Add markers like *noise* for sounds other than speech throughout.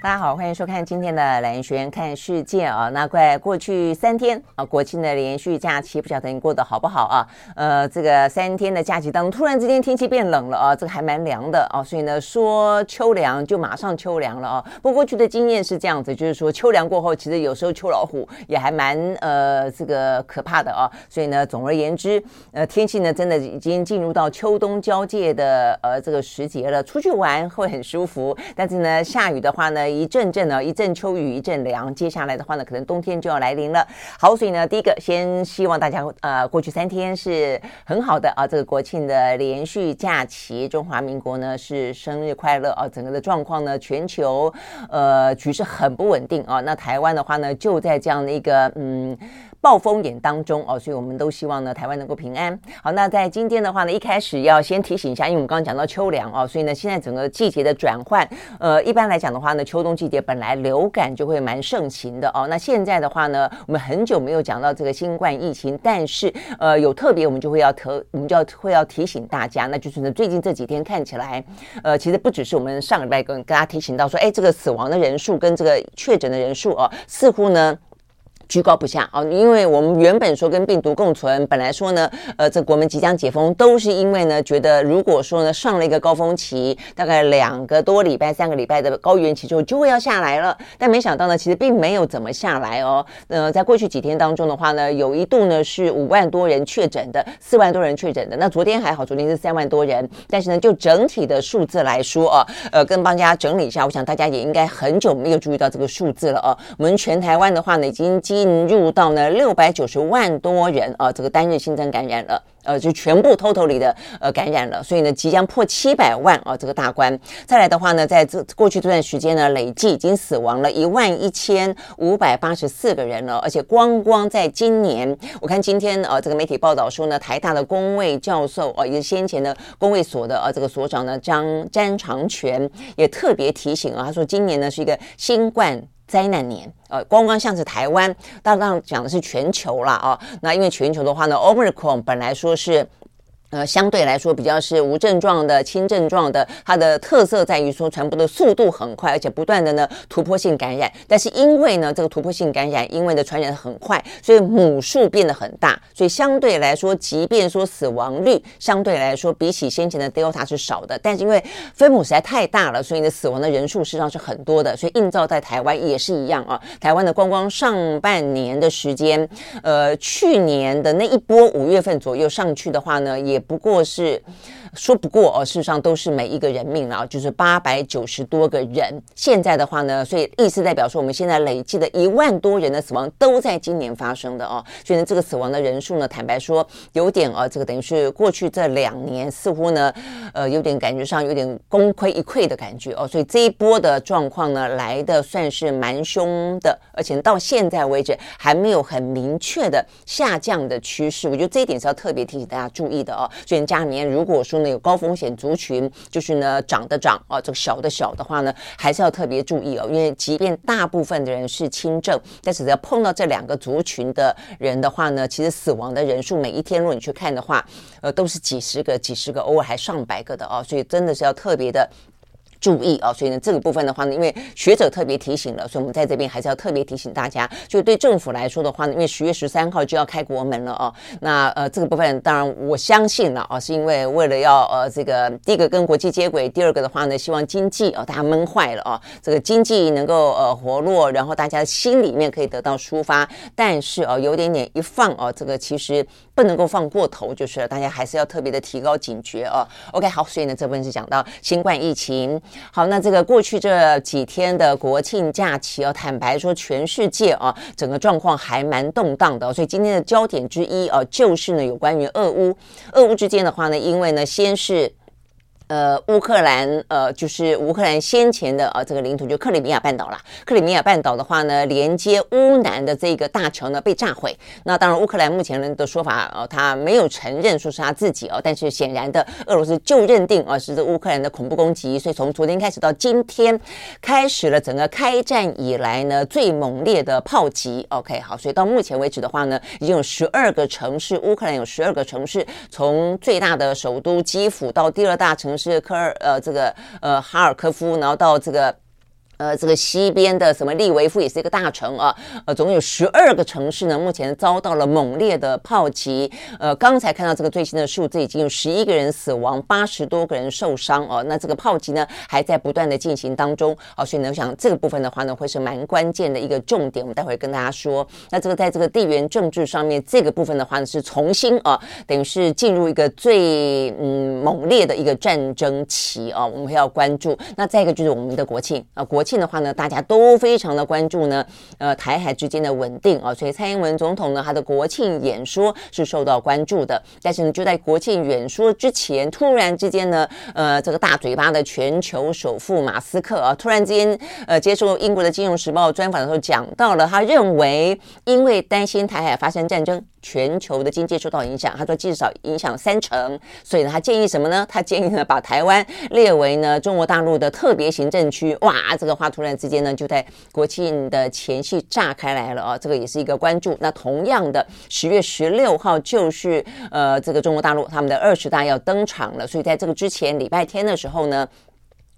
大家好，歡迎收看今天的《蘭萱看世界》啊，那快過去三天啊，國慶的連續假期，不曉得你過得好不好啊？呃，這個三天的假期當中，突然之間天氣變冷了啊，這個還蠻涼的啊，所以呢，說秋涼就馬上秋涼了啊。不過，過去的經驗是這樣子，就是說秋涼過後，其實有時候秋老虎也還蠻呃這個可怕的啊。所以呢，總而言之，呃，天氣呢真的已經進入到秋冬交界的呃這個時節了，出去玩會很舒服，但是呢，下雨的話呢。一陣陣呢，一陣秋雨，一陣涼。接下來的話呢，可能冬天就要來臨了。好，所以呢，第一個先希望大家呃，過去三天是很好的啊、呃。這個國慶的連續假期，中華民國呢是生日快樂啊、呃。整個的狀況呢，全球呃局勢很不穩定啊、呃。那台灣的話呢，就在這樣的一個嗯。暴風眼當中哦，所以我們都希望呢，台灣能夠平安。好，那在今天的話呢，一開始要先提醒一下，因為我們剛剛講到秋涼哦，所以呢，現在整個季節的轉換，呃，一般來講的話呢，秋冬季節本來流感就會蠻盛行的哦。那現在的話呢，我們很久沒有講到這個新冠疫情，但是呃，有特別我們就會要特，我們就要會要提醒大家，那就是呢，最近這幾天看起來，呃，其實不只是我們上禮拜跟大家提醒到說，哎，這個死亡的人數跟這個確診的人數哦，似乎呢。居高不下啊，因為我們原本說跟病毒共存，本來說呢，呃，這國門即將解封，都是因為呢，覺得如果說呢，上了一個高峰期，大概兩個多禮拜、三個禮拜的高原期之後，就會要下來了。但沒想到呢，其實並沒有怎麼下來哦。呃，在過去幾天當中的話呢，有一度呢是五萬多人確診的，四萬多人確診的。那昨天還好，昨天是三萬多人，但是呢，就整體的數字來說啊，呃，跟幫大家整理一下，我想大家也應該很久沒有注意到這個數字了哦、啊。我們全台灣的話呢，已經今進入到呢六百九十萬多人啊，這個單日新增感染了，呃，就全部偷偷裡的呃感染了，所以呢即將破七百萬啊這個大關。再來的話呢，在這過去這段時間呢，累計已經死亡了一萬一千五百八十四個人了，而且光光在今年，我看今天呃、啊、這個媒體報道說呢，台大的公衛教授啊，也是先前的公衛所的呃、啊、這個所長呢張詹長權也特別提醒啊，他說今年呢是一個新冠。災難年，呃，光光像是台灣，剛剛講的是全球了啊，哦。那因為全球的話呢，Omicron 本來說是。呃，相對來說比較是無症狀的、輕症狀的，它的特色在於說，傳播的速度很快，而且不斷的呢突破性感染。但是因為呢這個突破性感染，因為的傳染很快，所以母數變得很大，所以相對來說，即便說死亡率相對來說比起先前的 Delta 是少的，但是因為分母實在太大了，所以你的死亡的人數實際上是很多的，所以映照在台灣也是一樣啊。台灣的光光上半年的時間，呃，去年的那一波五月份左右上去的話呢，也不過是。說不過哦，事實上都是每一個人命了哦，就是八百九十多個人。現在的話呢，所以意思代表說，我們現在累計的一萬多人的死亡都在今年發生的哦。所以這個死亡的人數呢，坦白說有點啊，這個等於是過去這兩年似乎呢，呃，有點感覺上有點功虧一簣的感覺哦。所以這一波的狀況呢，來的算是蠻兇的，而且到現在為止還沒有很明確的下降的趨勢。我覺得這一點是要特別提醒大家注意的哦。所以家裡面如果說那高風險族群，就是呢，長的長啊，這個小的小的話呢，還是要特別注意哦。因為即便大部分的人是輕症，但是只要碰到這兩個族群的人的話呢，其實死亡的人數每一天，如果你去看的話，呃，都是幾十個、幾十個，偶爾還上百個的哦。所以真的是要特別的。注意啊，所以呢，這個部分的話呢，因為學者特別提醒了，所以我們在這邊還是要特別提醒大家，就對政府來說的話呢，因為十月十三號就要開國門了啊，那呃這個部分當然我相信了啊，是因為為了要呃這個第一個跟國際接軌，第二個的話呢，希望經濟啊大家悶壞了啊，這個經濟能夠呃活絡，然後大家心裡面可以得到抒發，但是啊有點點一放啊，這個其實。不能夠放過頭就是了，大家還是要特別的提高警覺哦。OK，好，所以呢，這部分是講到新冠疫情。好，那這個過去這幾天的國慶假期哦，坦白說，全世界哦、啊，整個狀況還蠻動盪的、哦。所以今天的焦點之一哦、啊，就是呢有關於俄烏，俄烏之間的話呢，因為呢先是。呃，烏克蘭呃，就是烏克蘭先前的呃這個領土，就克里米亞半島啦。克里米亞半島的話呢，連接烏南的這個大橋呢被炸毀。那當然，烏克蘭目前人的說法，呃，他沒有承認說是他自己哦，但是顯然的，俄羅斯就認定啊，呃，是這烏克蘭的恐怖攻擊。所以從昨天開始到今天，開始了整個開戰以來呢最猛烈的炮擊。OK，好，所以到目前為止的話呢，已經有十二個城市，烏克蘭有十二個城市，從最大的首都基輔到第二大城市。是科爾，呃，這個，呃，哈爾科夫，然後到這個。呃，這個西邊的什麼利維夫也是一個大城啊，呃，總有十二個城市呢，目前遭到了猛烈的炮擊。呃，剛才看到這個最新的數字，已經有十一個人死亡，八十多個人受傷哦、啊。那這個炮擊呢，還在不斷的進行當中啊，所以呢，我想這個部分的話呢，會是蠻關鍵的一個重點，我們待會跟大家說。那這個在這個地緣政治上面，這個部分的話呢，是重新啊，等於是進入一個最嗯猛烈的一個戰爭期啊，我們還要關注。那再一個就是我們的國慶啊，國慶。慶的話呢，大家都非常的關注呢，呃，台海之間的穩定啊，所以蔡英文總統呢，他的國慶演說是受到關注的。但是呢，就在國慶演說之前，突然之間呢，呃，這個大嘴巴的全球首富馬斯克啊，突然之間呃，接受英國的金融時報專訪的時候，講到了他認為，因為擔心台海發生戰爭。全球的經濟受到影響，他說至少影響三成，所以呢，他建議什麼呢？他建議呢，把台灣列為呢中國大陸的特別行政區。哇，這個話突然之間呢，就在國慶的前夕炸開來了啊！這個也是一個關注。那同樣的，十月十六號就是呃，這個中國大陸他們的二十大要登場了，所以在這個之前禮拜天的時候呢，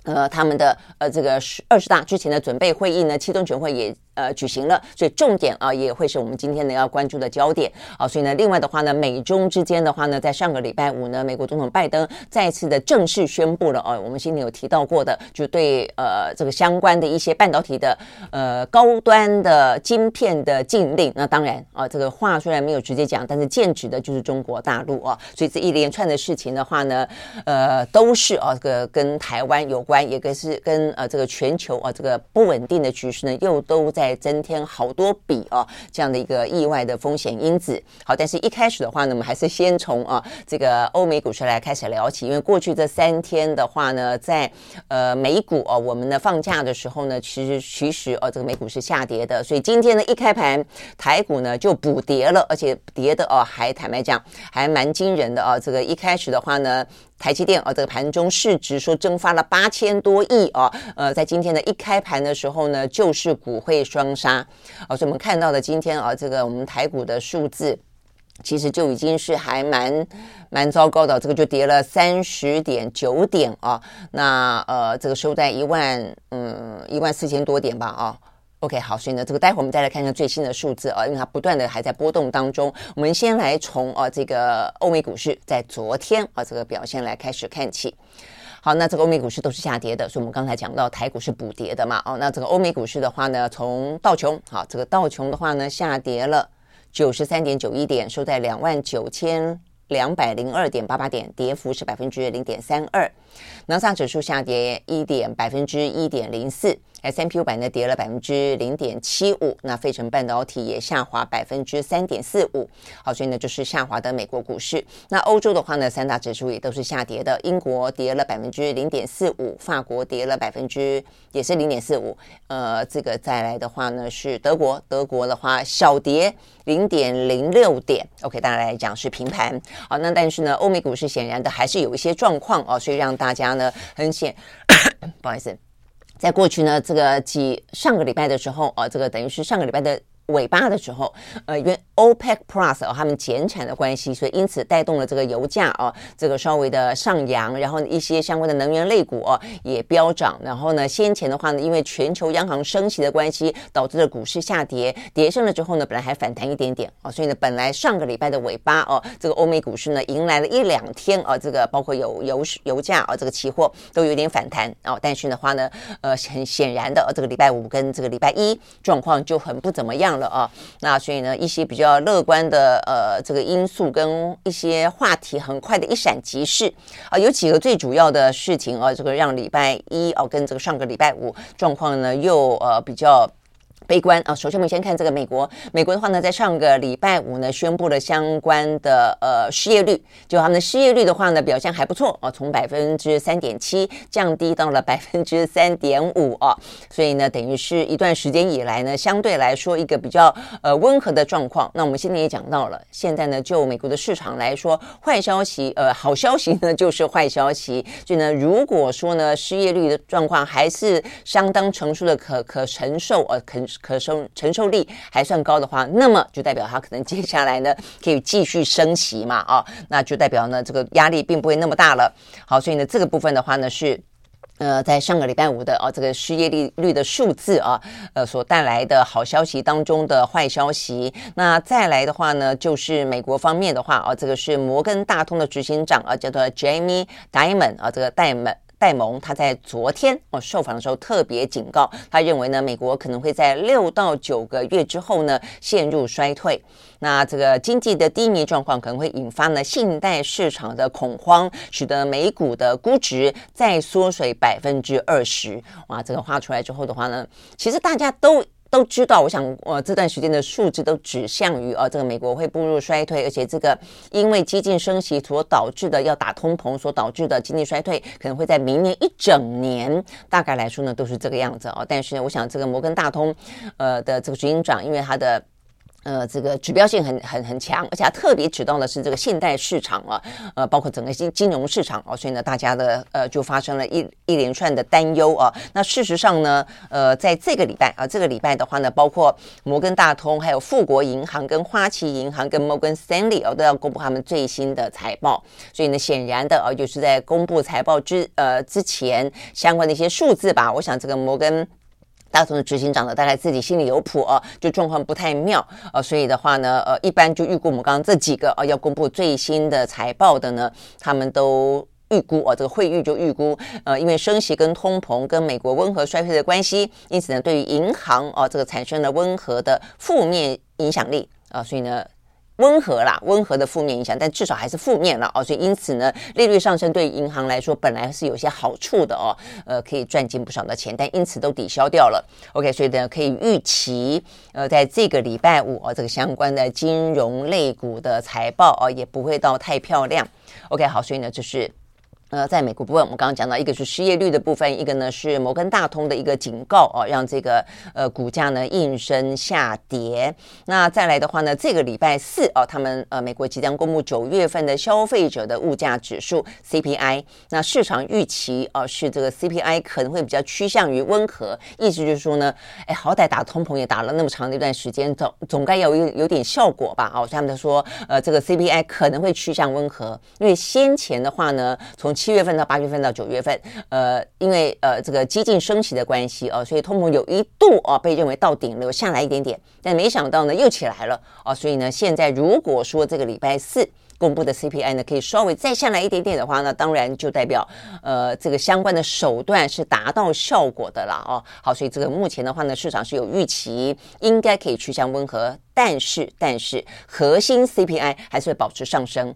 呃，他們的呃這個十二十大之前的準備會議呢，七中全會也。呃，舉行了，所以重點啊也會是我們今天呢要關注的焦點啊。所以呢，另外的話呢，美中之間的話呢，在上個禮拜五呢，美國總統拜登再次的正式宣布了哦、啊，我們先前有提到過的，就對呃這個相關的一些半導體的呃高端的晶片的禁令。那當然啊，這個話雖然沒有直接講，但是劍指的就是中國大陸啊。所以這一連串的事情的話呢，呃，都是啊，這個跟台灣有關，也可是跟呃、啊、這個全球啊這個不穩定的局勢呢，又都在。增添好多筆哦、啊，這樣的一個意外的風險因子。好，但是一開始的話呢，我們還是先從啊這個歐美股市來開始聊起，因為過去這三天的話呢，在呃美股哦、啊，我們呢放假的時候呢，其實其實哦、啊，這個美股是下跌的，所以今天呢一開盤台股呢就補跌了，而且跌的哦、啊，還坦白講還蠻驚人的哦、啊，這個一開始的話呢。台積電啊，這個盤中市值說蒸發了八千多億啊，呃，在今天的一開盤的時候呢，就是股匯雙殺啊，呃，所以我們看到的今天啊，這個我們台股的數字其實就已經是還蠻蠻糟糕的，這個就跌了三十點九點啊，那呃，這個收在一萬嗯一萬四千多點吧啊。OK，好，所以呢，這個待會兒我們再來看看最新的數字啊、哦，因為它不斷的還在波動當中。我們先來從啊、哦、這個歐美股市在昨天啊、哦、這個表現來開始看起。好，那這個歐美股市都是下跌的，所以我們剛才講到台股是補跌的嘛。哦，那這個歐美股市的話呢，從道瓊，好，這個道瓊的話呢，下跌了九十三點九一點，收在兩萬九千兩百零二點八八點，跌幅是百分之零點三二。納斯達克指數下跌一點百分之一點零四。S&P 500呢，跌了百分之零點七五，那費城半導體也下滑百分之三點四五。好，所以呢，就是下滑的美國股市。那歐洲的話呢，三大指數也都是下跌的。英國跌了百分之零點四五，法國跌了百分之也是零點四五。呃，這個再來的話呢是德國，德國的話小跌零點零六點。OK，大家來講是平盤。好，那但是呢，歐美股市顯然的還是有一些狀況哦，所以讓大家呢很顯， *coughs* 不好意思。在過去呢，這個幾上個禮拜的時候，啊，這個等於是上個禮拜的尾巴的時候，呃，因為 OPEC Plus 啊、哦，他們減產的關係，所以因此帶動了這個油價哦、啊，這個稍微的上揚，然後一些相關的能源類股、啊、也飆漲。然後呢，先前的話呢，因為全球央行升息的關係，導致了股市下跌，跌深了之後呢，本來還反彈一點點哦、啊，所以呢，本來上個禮拜的尾巴哦、啊，這個歐美股市呢，迎來了一兩天哦、啊，這個包括有，有油油價啊，這個期貨都有點反彈哦、啊，但是的話呢、啊，呃，很顯然的、啊，這個禮拜五跟這個禮拜一狀況就很不怎麼樣。了啊，那所以呢，一些比較樂觀的呃，這個因素跟一些話題很快的一閃即逝啊，有幾個最主要的事情啊，這個讓禮拜一哦、啊，跟這個上個禮拜五狀況呢又呃比較。悲觀啊！首先，我們先看這個美國。美國的話呢，在上個禮拜五呢，宣布了相關的呃失業率，就他們的失業率的話呢，表現還不錯啊，從，從百分之三點七降低到了百分之三點五啊。所以呢，等於是一段時間以來呢，相對來說一個比較呃溫和的狀況。那我們現在也講到了，現在呢，就美國的市場來說，壞消息呃，好消息呢就是壞消息。所以呢，如果說呢，失業率的狀況還是相當成熟的可可承受呃肯。可受承受力還算高的話，那麼就代表它可能接下來呢可以繼續升息嘛。啊，那就代表呢這個壓力並不會那麼大了。好，所以呢這個部分的話呢是，呃，在上個禮拜五的啊，這個失業利率率的數字啊，呃所帶來的好消息當中的壞消息。那再來的話呢，就是美國方面的話啊，這個是摩根大通的執行長啊，叫做 Jamie Dimon 啊，這個 Dimon。戴蒙他在昨天哦，受訪的時候特別警告，他認為呢，美國可能會在六到九個月之後呢陷入衰退。那這個經濟的低迷狀況可能會引發呢信貸市場的恐慌，使得美股的估值再縮水百分之二十。哇，這個畫出來之後的話呢，其實大家都。都知道，我想，呃，這段時間的數字都指向於、啊，呃，這個美國會步入衰退，而且這個因為激進升息所導致的要打通膨所導致的經濟衰退，可能會在明年一整年，大概來說呢，都是這個樣子哦，啊。但是，呢，我想這個摩根大通，呃的這個執行長，因為他的。呃，這個指標性很很很強，而且特別指到的是這個信貸市場啊，呃，包括整個金金融市場啊，所以呢，大家的呃就發生了一一連串的擔憂啊。那事實上呢，呃，在這個禮拜啊、呃，這個禮拜的話呢，包括摩根大通，還有富國銀行，跟花旗銀行，跟摩根士丹利啊，都要公布他們最新的財報。所以呢，顯然的啊、呃，就是在公布財報之呃之前，相關的一些數字吧，我想這個摩根。大同的執行長呢，大概自己心裡有譜啊，就狀況不太妙啊，所以的話呢，呃，一般就預估我們剛剛這幾個啊要公布最新的財報的呢，他們都預估啊，這個會預就預估，呃，因為升息跟通膨跟美國溫和衰退的關係，因此呢，對於銀行哦，啊，這個產生了溫和的負面影響力啊，所以呢。溫和啦，溫和的負面影響，但至少還是負面了哦。所以因此呢，利率上升對銀行來說本來是有些好處的哦，呃，可以賺進不少的錢，但因此都抵消掉了。OK，所以呢，可以預期，呃，在這個禮拜五哦，這個相關的金融類股的財報哦，也不會到太漂亮。OK，好，所以呢，就是。呃，在美國部分，我們剛剛講到，一個是失業率的部分，一個呢是摩根大通的一個警告哦，讓這個呃股價呢應聲下跌。那再來的話呢，這個禮拜四哦，他們呃美國即將公布九月份的消費者的物價指數 CPI。那市場預期哦是這個 CPI 可能會比較趨向於溫和，意思就是說呢，哎，好歹打通膨也打了那麼長的一段時間，總總該要有有點效果吧？哦，所以他們都說，呃，這個 CPI 可能會趨向溫和，因為先前的話呢，從七月份到八月份到九月份，呃，因為呃這個激進升息的關係啊、呃，所以通膨有一度啊、呃、被認為到頂了，下來一點點，但沒想到呢又起來了啊、呃，所以呢現在如果說這個禮拜四公布的 CPI 呢可以稍微再下來一點點的話呢，當然就代表呃這個相關的手段是達到效果的了哦、呃。好，所以這個目前的話呢，市場是有預期應該可以趨向溫和，但是但是核心 CPI 還是會保持上升。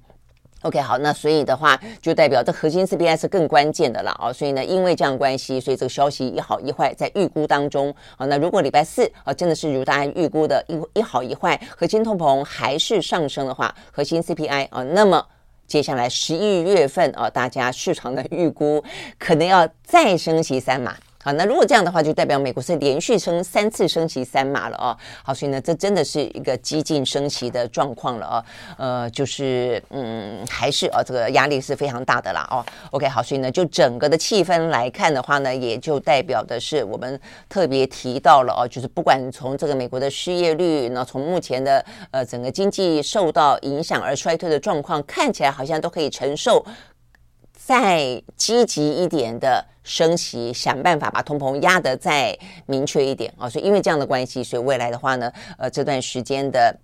OK，好，那所以的話，就代表這核心 CPI 是更關鍵的了啊、哦。所以呢，因為這樣關係，所以這個消息一好一壞在預估當中。好、哦，那如果禮拜四啊、哦、真的是如大家預估的一一好一壞，核心通膨還是上升的話，核心 CPI 啊、哦，那麼接下來十一月份啊、哦，大家市場的預估可能要再升息三碼。好，那如果這樣的話，就代表美國是連續升三次升息三碼了哦。好，所以呢，這真的是一個激進升息的狀況了哦。呃，就是嗯，還是哦，這個壓力是非常大的啦哦。OK，好，所以呢，就整個的氣氛來看的話呢，也就代表的是我們特別提到了哦，就是不管從這個美國的失業率呢，從目前的呃整個經濟受到影響而衰退的狀況，看起來好像都可以承受。再積極一點的升息，想辦法把通膨壓得再明確一點啊、哦！所以因為這樣的關係，所以未來的話呢，呃，這段時間的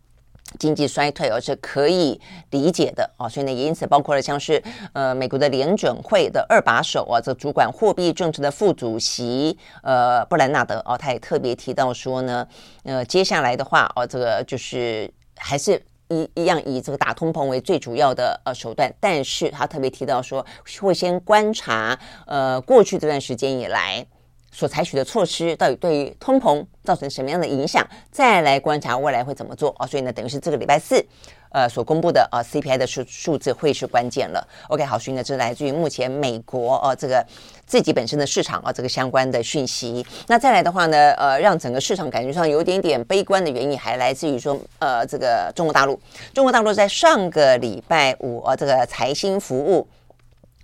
經濟衰退而、呃、是可以理解的啊、呃！所以呢，也因此包括了像是呃美國的聯準會的二把手啊、呃，這個、主管貨幣政策的副主席呃布蘭納德哦、呃，他也特別提到說呢，呃，接下來的話哦、呃，這個就是還是。一一樣以這個打通膨為最主要的呃手段，但是他特別提到說，會先觀察呃過去這段時間以來所採取的措施到底對於通膨造成什麼樣的影響，再來觀察未來會怎麼做啊、哦，所以呢等於是這個禮拜四。呃，所公布的呃、啊、CPI 的數數字會是關鍵了。OK，好，所以呢，這是來自於目前美國呃、啊、這個自己本身的市場啊，這個相關的訊息。那再來的話呢，呃，讓整個市場感覺上有點點悲觀的原因，還來自於說，呃，這個中國大陸，中國大陸在上個禮拜五呃、啊，這個財新服務。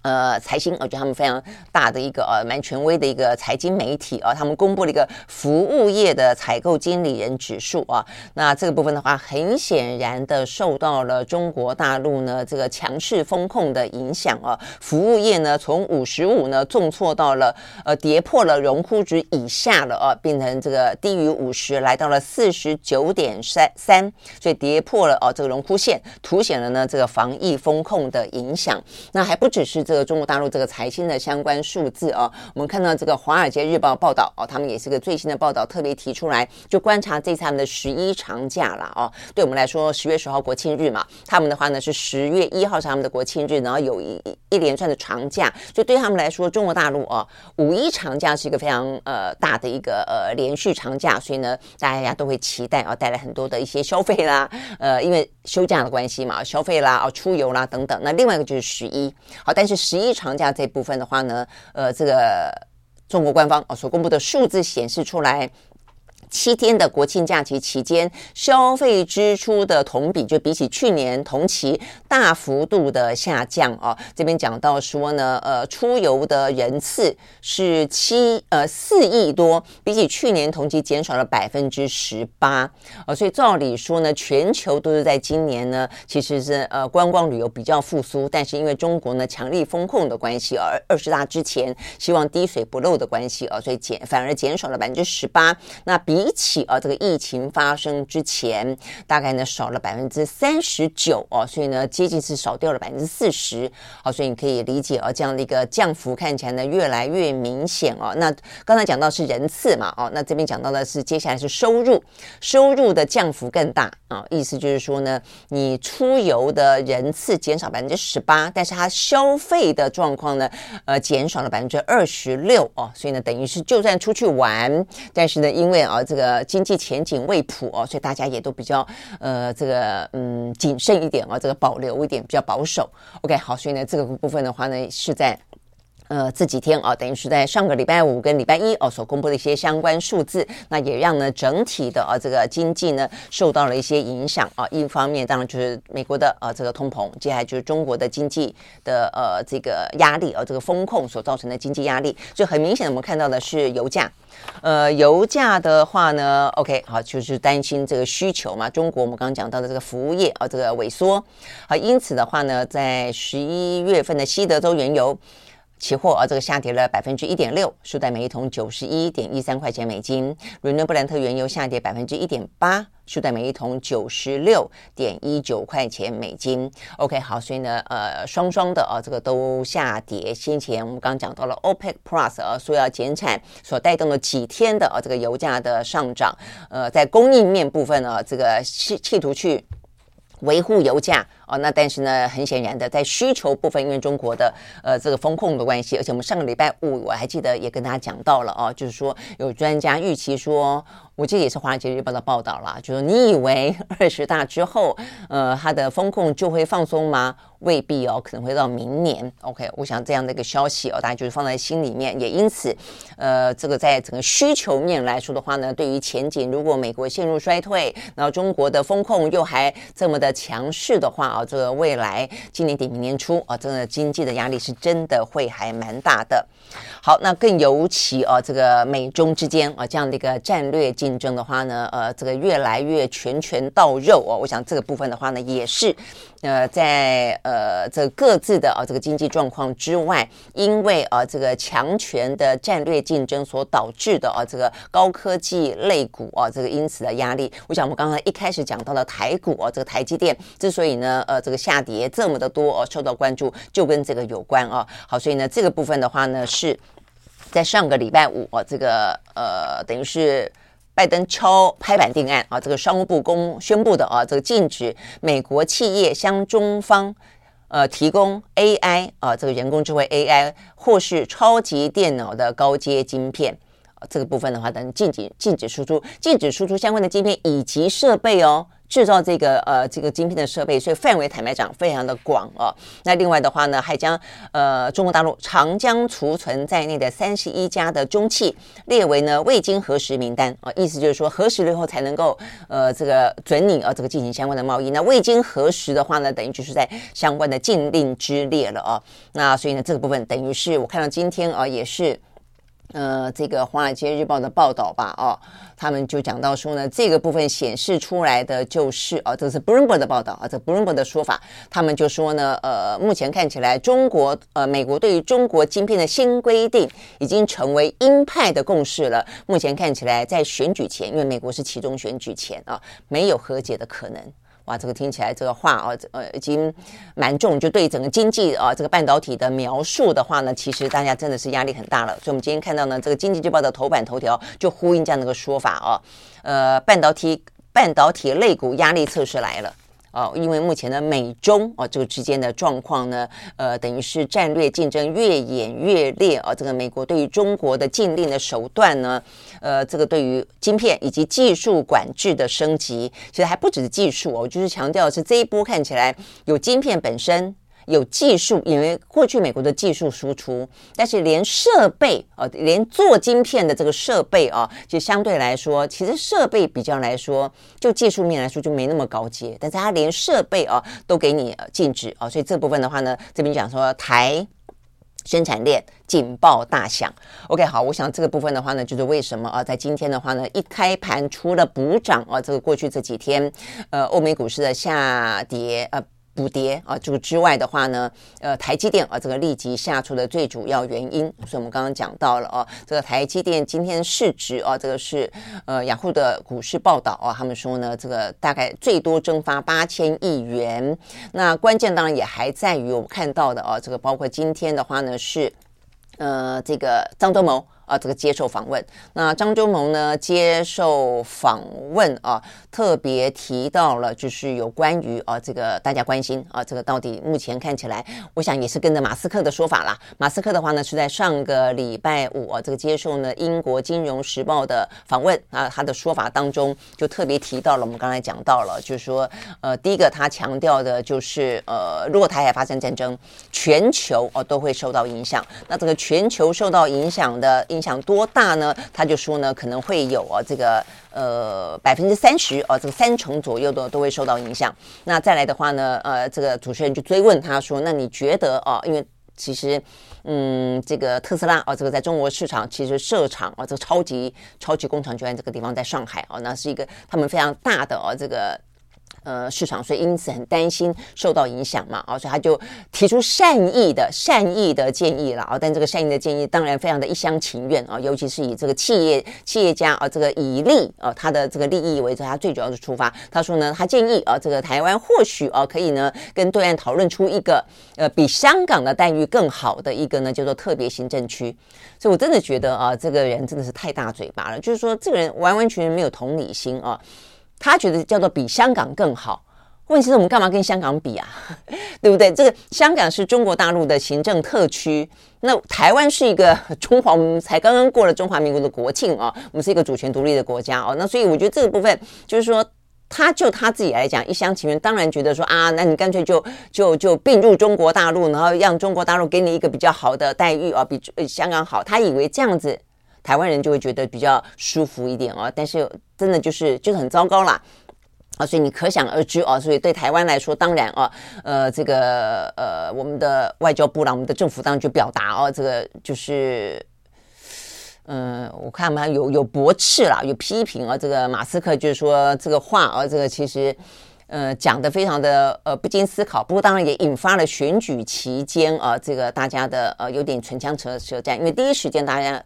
呃，財新，我覺得他們非常大的一個呃、啊，蠻權威的一個財經媒體啊，他們公布了一個服務業的採購經理人指數啊。那這個部分的話，很顯然的受到了中國大陸呢這個強勢風控的影響啊。服務業呢，從五十五呢重挫到了呃跌破，了榮枯值以下了啊，變成這個低於五十，來到了四十九點三三，所以跌破了哦、啊、這個榮枯線，凸顯了呢這個防疫風控的影響。那還不只是這個。中國大陸這個財經的相關數字哦，我們看到這個《華爾街日報》報道哦，他們也是個最新的報道，特別提出來就觀察這次他們的十一長假啦哦。對我們來說，十月十號國慶日嘛，他們的話呢是十月一號是他們的國慶日，然後有一一連串的長假。就對他們來說，中國大陸哦五一長假是一個非常呃大的一個呃連續長假，所以呢，大家都會期待哦、呃、帶來很多的一些消費啦，呃因為休假的關係嘛，消費啦哦出遊啦等等。那另外一個就是十一，好，但是。十一長假這部分的話呢，呃，這個中國官方啊所公布的數字顯示出來。七天的國慶假期期間，消費支出的同比就比起去年同期大幅度的下降哦。這邊講到說呢，呃，出遊的人次是七呃四億多，比起去年同期減少了百分之十八。呃，所以照理說呢，全球都是在今年呢，其實是呃觀光旅遊比較復甦，但是因為中國呢強力封控的關係，而二十大之前希望滴水不漏的關係，而、呃、所以減反而減少了百分之十八。那比比起啊、哦、這個疫情發生之前，大概呢少了百分之三十九哦，所以呢接近是少掉了百分之四十哦，所以你可以理解啊、哦、這樣的一個降幅看起來呢越來越明顯哦。那剛才講到是人次嘛哦，那這邊講到的是接下來是收入，收入的降幅更大啊、哦，意思就是說呢你出遊的人次減少百分之十八，但是它消費的狀況呢呃減少了百分之二十六哦，所以呢等於是就算出去玩，但是呢因為啊、哦。這個經濟前景未卜哦，所以大家也都比較呃，這個嗯謹慎一點哦，這個保留一點，比較保守。OK，好，所以呢這個部分的話呢是在。呃，這幾天啊、呃，等於是，在上個禮拜五跟禮拜一哦、呃，所公布的一些相關數字，那也讓呢整體的啊、呃、這個經濟呢受到了一些影響啊、呃。一方面當然就是美國的呃這個通膨，接下來就是中國的經濟的呃這個壓力，呃這個風控所造成的經濟壓力。就很明顯的，我們看到的是油價，呃，油價的話呢，OK，好、啊，就是擔心這個需求嘛。中國我們剛剛講到的這個服務業啊，這個萎縮，好、啊，因此的話呢，在十一月份的西德州原油。期貨，啊，這個下跌了百分之一點六，收在每一桶九十一點一三塊錢美金。倫敦布蘭特原油下跌百分之一點八，收在每一桶九十六點一九塊錢美金。OK，好，所以呢，呃，雙雙的啊，這個都下跌。先前我們剛講到了 OPEC Plus 啊，說要減產，所帶動了幾天的啊，這個油價的上漲。呃，在供應面部分呢，啊，這個企，企圖去維護油價。哦，那但是呢，很顯然的，在需求部分，因為中國的呃、這個封控的關係，而且我們上個禮拜五我還記得也跟大家講到了哦、啊，就是說有專家預期說，我記得也是華爾街日報的報道了，就說你以為二十大之後，呃，它的封控就會放鬆嗎？未必哦，可能會到明年。OK，我想這樣的一個消息哦，大家就是放在心裡面。也因此，呃，這個在整個需求面來說的話呢，對於前景，如果美國陷入衰退，然後中國的封控又還這麼的強勢的話。啊，這個未來今年底明年初啊，這個經濟的壓力是真的會還蠻大的。好，那更尤其啊，這個美中之間啊這樣的一個戰略競爭的話呢，呃，這個越來越拳拳到肉哦、啊，我想這個部分的話呢，也是，呃，在呃這個、各自的啊這個經濟狀況之外，因為啊這個強權的戰略競爭所導致的啊這個高科技類股啊這個因此的壓力。我想我們剛才一開始講到了台股啊，這個台積電之所以呢呃這個下跌這麼的多哦、啊，受到關注就跟這個有關啊。好，所以呢這個部分的話呢。是在上個禮拜五，哦，這個呃，等於是拜登敲拍板定案啊，這個商務部公宣布的啊，這個禁止美國企業向中方呃提供 AI 啊，這個人工智慧 AI 或是超級電腦的高階晶片。啊，這個部分的話，等於禁止禁止輸出，禁止輸出相關的晶片以及設備哦。製造這個呃這個晶片的設備，所以範圍坦白講非常的廣哦。那另外的話呢，還將呃中國大陸長江儲存在內的三十一家的中企列為呢未經核實名單啊、呃，意思就是說核實了以後才能夠呃這個準領啊、呃、這個進行相關的貿易。那未經核實的話呢，等於就是在相關的禁令之列了哦。那所以呢這個部分等於是我看到今天啊、呃、也是。呃，這個華爾街日報的報道吧，哦，他們就講到說呢，這個部分顯示出來的就是，啊、哦，這是布倫伯的報道啊、哦，這布倫伯的說法，他們就說呢，呃，目前看起來，中國，呃，美國對於中國晶片的新規定，已經成為鷹派的共識了。目前看起來，在選舉前，因為美國是期中選舉前啊、哦，沒有和解的可能。哇，這個聽起來這個話哦，呃，已經蠻重，就對整個經濟啊、呃、這個半導體的描述的話呢，其實大家真的是壓力很大了。所以，我們今天看到呢，這個經濟日報的頭版頭條就呼應這樣的一個說法啊，呃，半導體半導體類股壓力測試來了。哦，因為目前的美中哦，這個之間的狀況呢，呃，等於是戰略競爭越演越烈啊，哦，這個美國對於中國的禁令的手段呢，呃，這個對於晶片以及技術管制的升級，其實還不止技術哦，就是強調是這一波看起來有晶片本身。有技術，因為過去美國的技術輸出，但是連設備啊，連做晶片的這個設備啊，就相對來說，其實設備比較來說，就技術面來說就沒那麼高階。但是它連設備啊都給你禁止啊，所以這部分的話呢，這邊講說台生產鏈警報大響。OK，好，我想這個部分的話呢，就是為什麼啊，在今天的話呢，一開盤除了補漲啊，這個過去這幾天，呃，歐美股市的下跌呃、啊補跌啊！這個之外的話呢，呃，台積電啊，這個立即下挫的最主要原因，所以我們剛剛講到了哦、啊，這個台積電今天市值啊，這個是呃雅虎的股市報道啊，他們說呢，這個大概最多蒸發八千億元。那關鍵當然也還在於我們看到的啊，這個包括今天的話呢是呃這個張忠謀。啊，這個接受訪問，那張忠謀呢接受訪問啊，特別提到了就是有關於啊這個大家關心啊這個到底目前看起來，我想也是跟着馬斯克的說法啦。馬斯克的話呢是在上個禮拜五啊這個接受呢英國金融時報的訪問啊，他的說法當中就特別提到了，我們剛才講到了，就是說呃第一個他強調的就是呃如果台海發生戰爭，全球啊都會受到影響。那這個全球受到影響的。影響多大呢？他就說呢，可能會有啊，這個呃百分之三十啊，這個三成左右的都會受到影響。那再來的話呢，呃，這個主持人就追問他說：“那你覺得啊、哦？因為其實嗯，這個特斯拉啊、哦，這個在中國市場其實設廠啊、哦，這個超級超級工廠就在這個地方，在上海啊、哦，那是一個他們非常大的啊、哦，這個。”呃，市場所以因此很擔心受到影響嘛，啊，所以他就提出善意的善意的建議了啊，但這個善意的建議當然非常的一廂情願啊，尤其是以這個企業企業家啊，這個以利啊他的這個利益為主，他最主要的出發。他說呢，他建議啊，這個台灣或許啊可以呢跟對岸討論出一個呃比香港的待遇更好的一個呢叫做特別行政區。所以我真的覺得啊，這個人真的是太大嘴巴了，就是說這個人完完全全沒有同理心啊。他覺得叫做比香港更好，問題是我們幹嘛跟香港比啊？對不對？這個香港是中國大陸的行政特區，那台灣是一個中華，我們才剛剛過了中華民國的國慶哦，我們是一個主權獨立的國家哦。那所以我覺得這個部分就是說，他就他自己來講一廂情願，當然覺得說啊，那你乾脆就就就併入中國大陸，然後讓中國大陸給你一個比較好的待遇哦，比、呃、香港好。他以為這樣子。台灣人就會覺得比較舒服一點哦、啊，但是真的就是就是很糟糕啦，啊，所以你可想而知哦、啊，所以對台灣來說，當然哦、啊，呃，這個呃，我們的外交部啦，我們的政府當然就表達哦、啊，這個就是，嗯、呃，我看嘛有有駁斥啦，有批評啊，這個馬斯克就是說這個話啊，這個其實，呃，講得非常的呃不經思考，不過當然也引發了選舉期間啊，這個大家的呃有點唇槍舌舌戰，因為第一時間大家。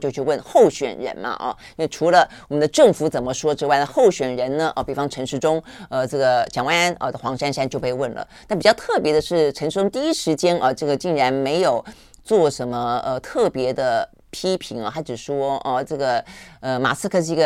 就去問候選人嘛，啊，那除了我們的政府怎麼說之外呢，候選人呢，哦，比方陳時中，呃，這個蔣萬安，啊、呃，黃珊珊就被問了。但比較特別的是，陳時中第一時間啊、呃，這個竟然沒有做什麼呃特別的批評啊，他、呃、只說，哦，這個呃，馬斯克是一個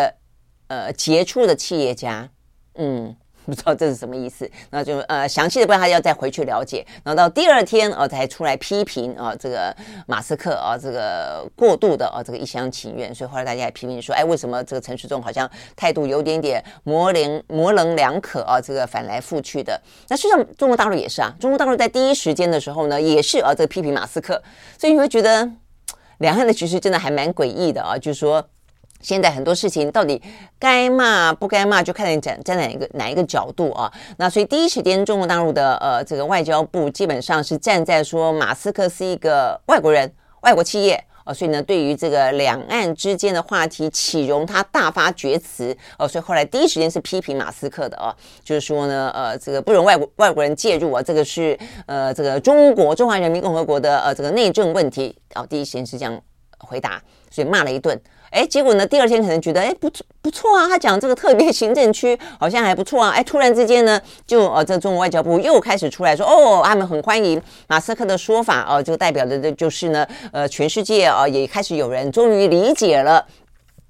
呃傑出的企業家，嗯。不知道這是什麼意思，那就呃詳細的，不然他要再回去了解。然後到第二天哦、呃，才出來批評啊、呃，這個馬斯克啊、呃，這個過度的啊、呃，這個一廂情願。所以後來大家也批評說，哎，為什麼這個陳時中好像態度有點點模稜模稜兩可啊、呃，這個反來覆去的。那實際上中國大陸也是啊，中國大陸在第一時間的時候呢，也是啊、這個批評馬斯克。所以你會覺得兩岸的局勢真的還蠻詭異的啊，就是說。現在很多事情到底該罵不該罵，就看你站在哪一個哪一個角度啊。那所以第一時間，中國大陸的呃這個外交部基本上是站在說，馬斯克是一個外國人，外國企業啊、呃，所以呢，對於這個兩岸之間的話題，豈容他大发厥詞啊、呃？所以後來第一時間是批評馬斯克的哦、啊，就是說呢，呃，這個不容外國外國人介入啊，這個是呃這個中國中華人民共和國的呃這個內政問題啊、哦，第一時間是這樣回答，所以罵了一頓。哎，結果呢？第二天可能覺得，哎，不錯不錯啊，他講這個特別行政區好像還不錯啊。哎，突然之間呢，就呃，這中國外交部又開始出來說，哦，他們很歡迎馬斯克的說法哦、呃，就代表的的就是呢，呃，全世界啊、呃、也開始有人終於理解了，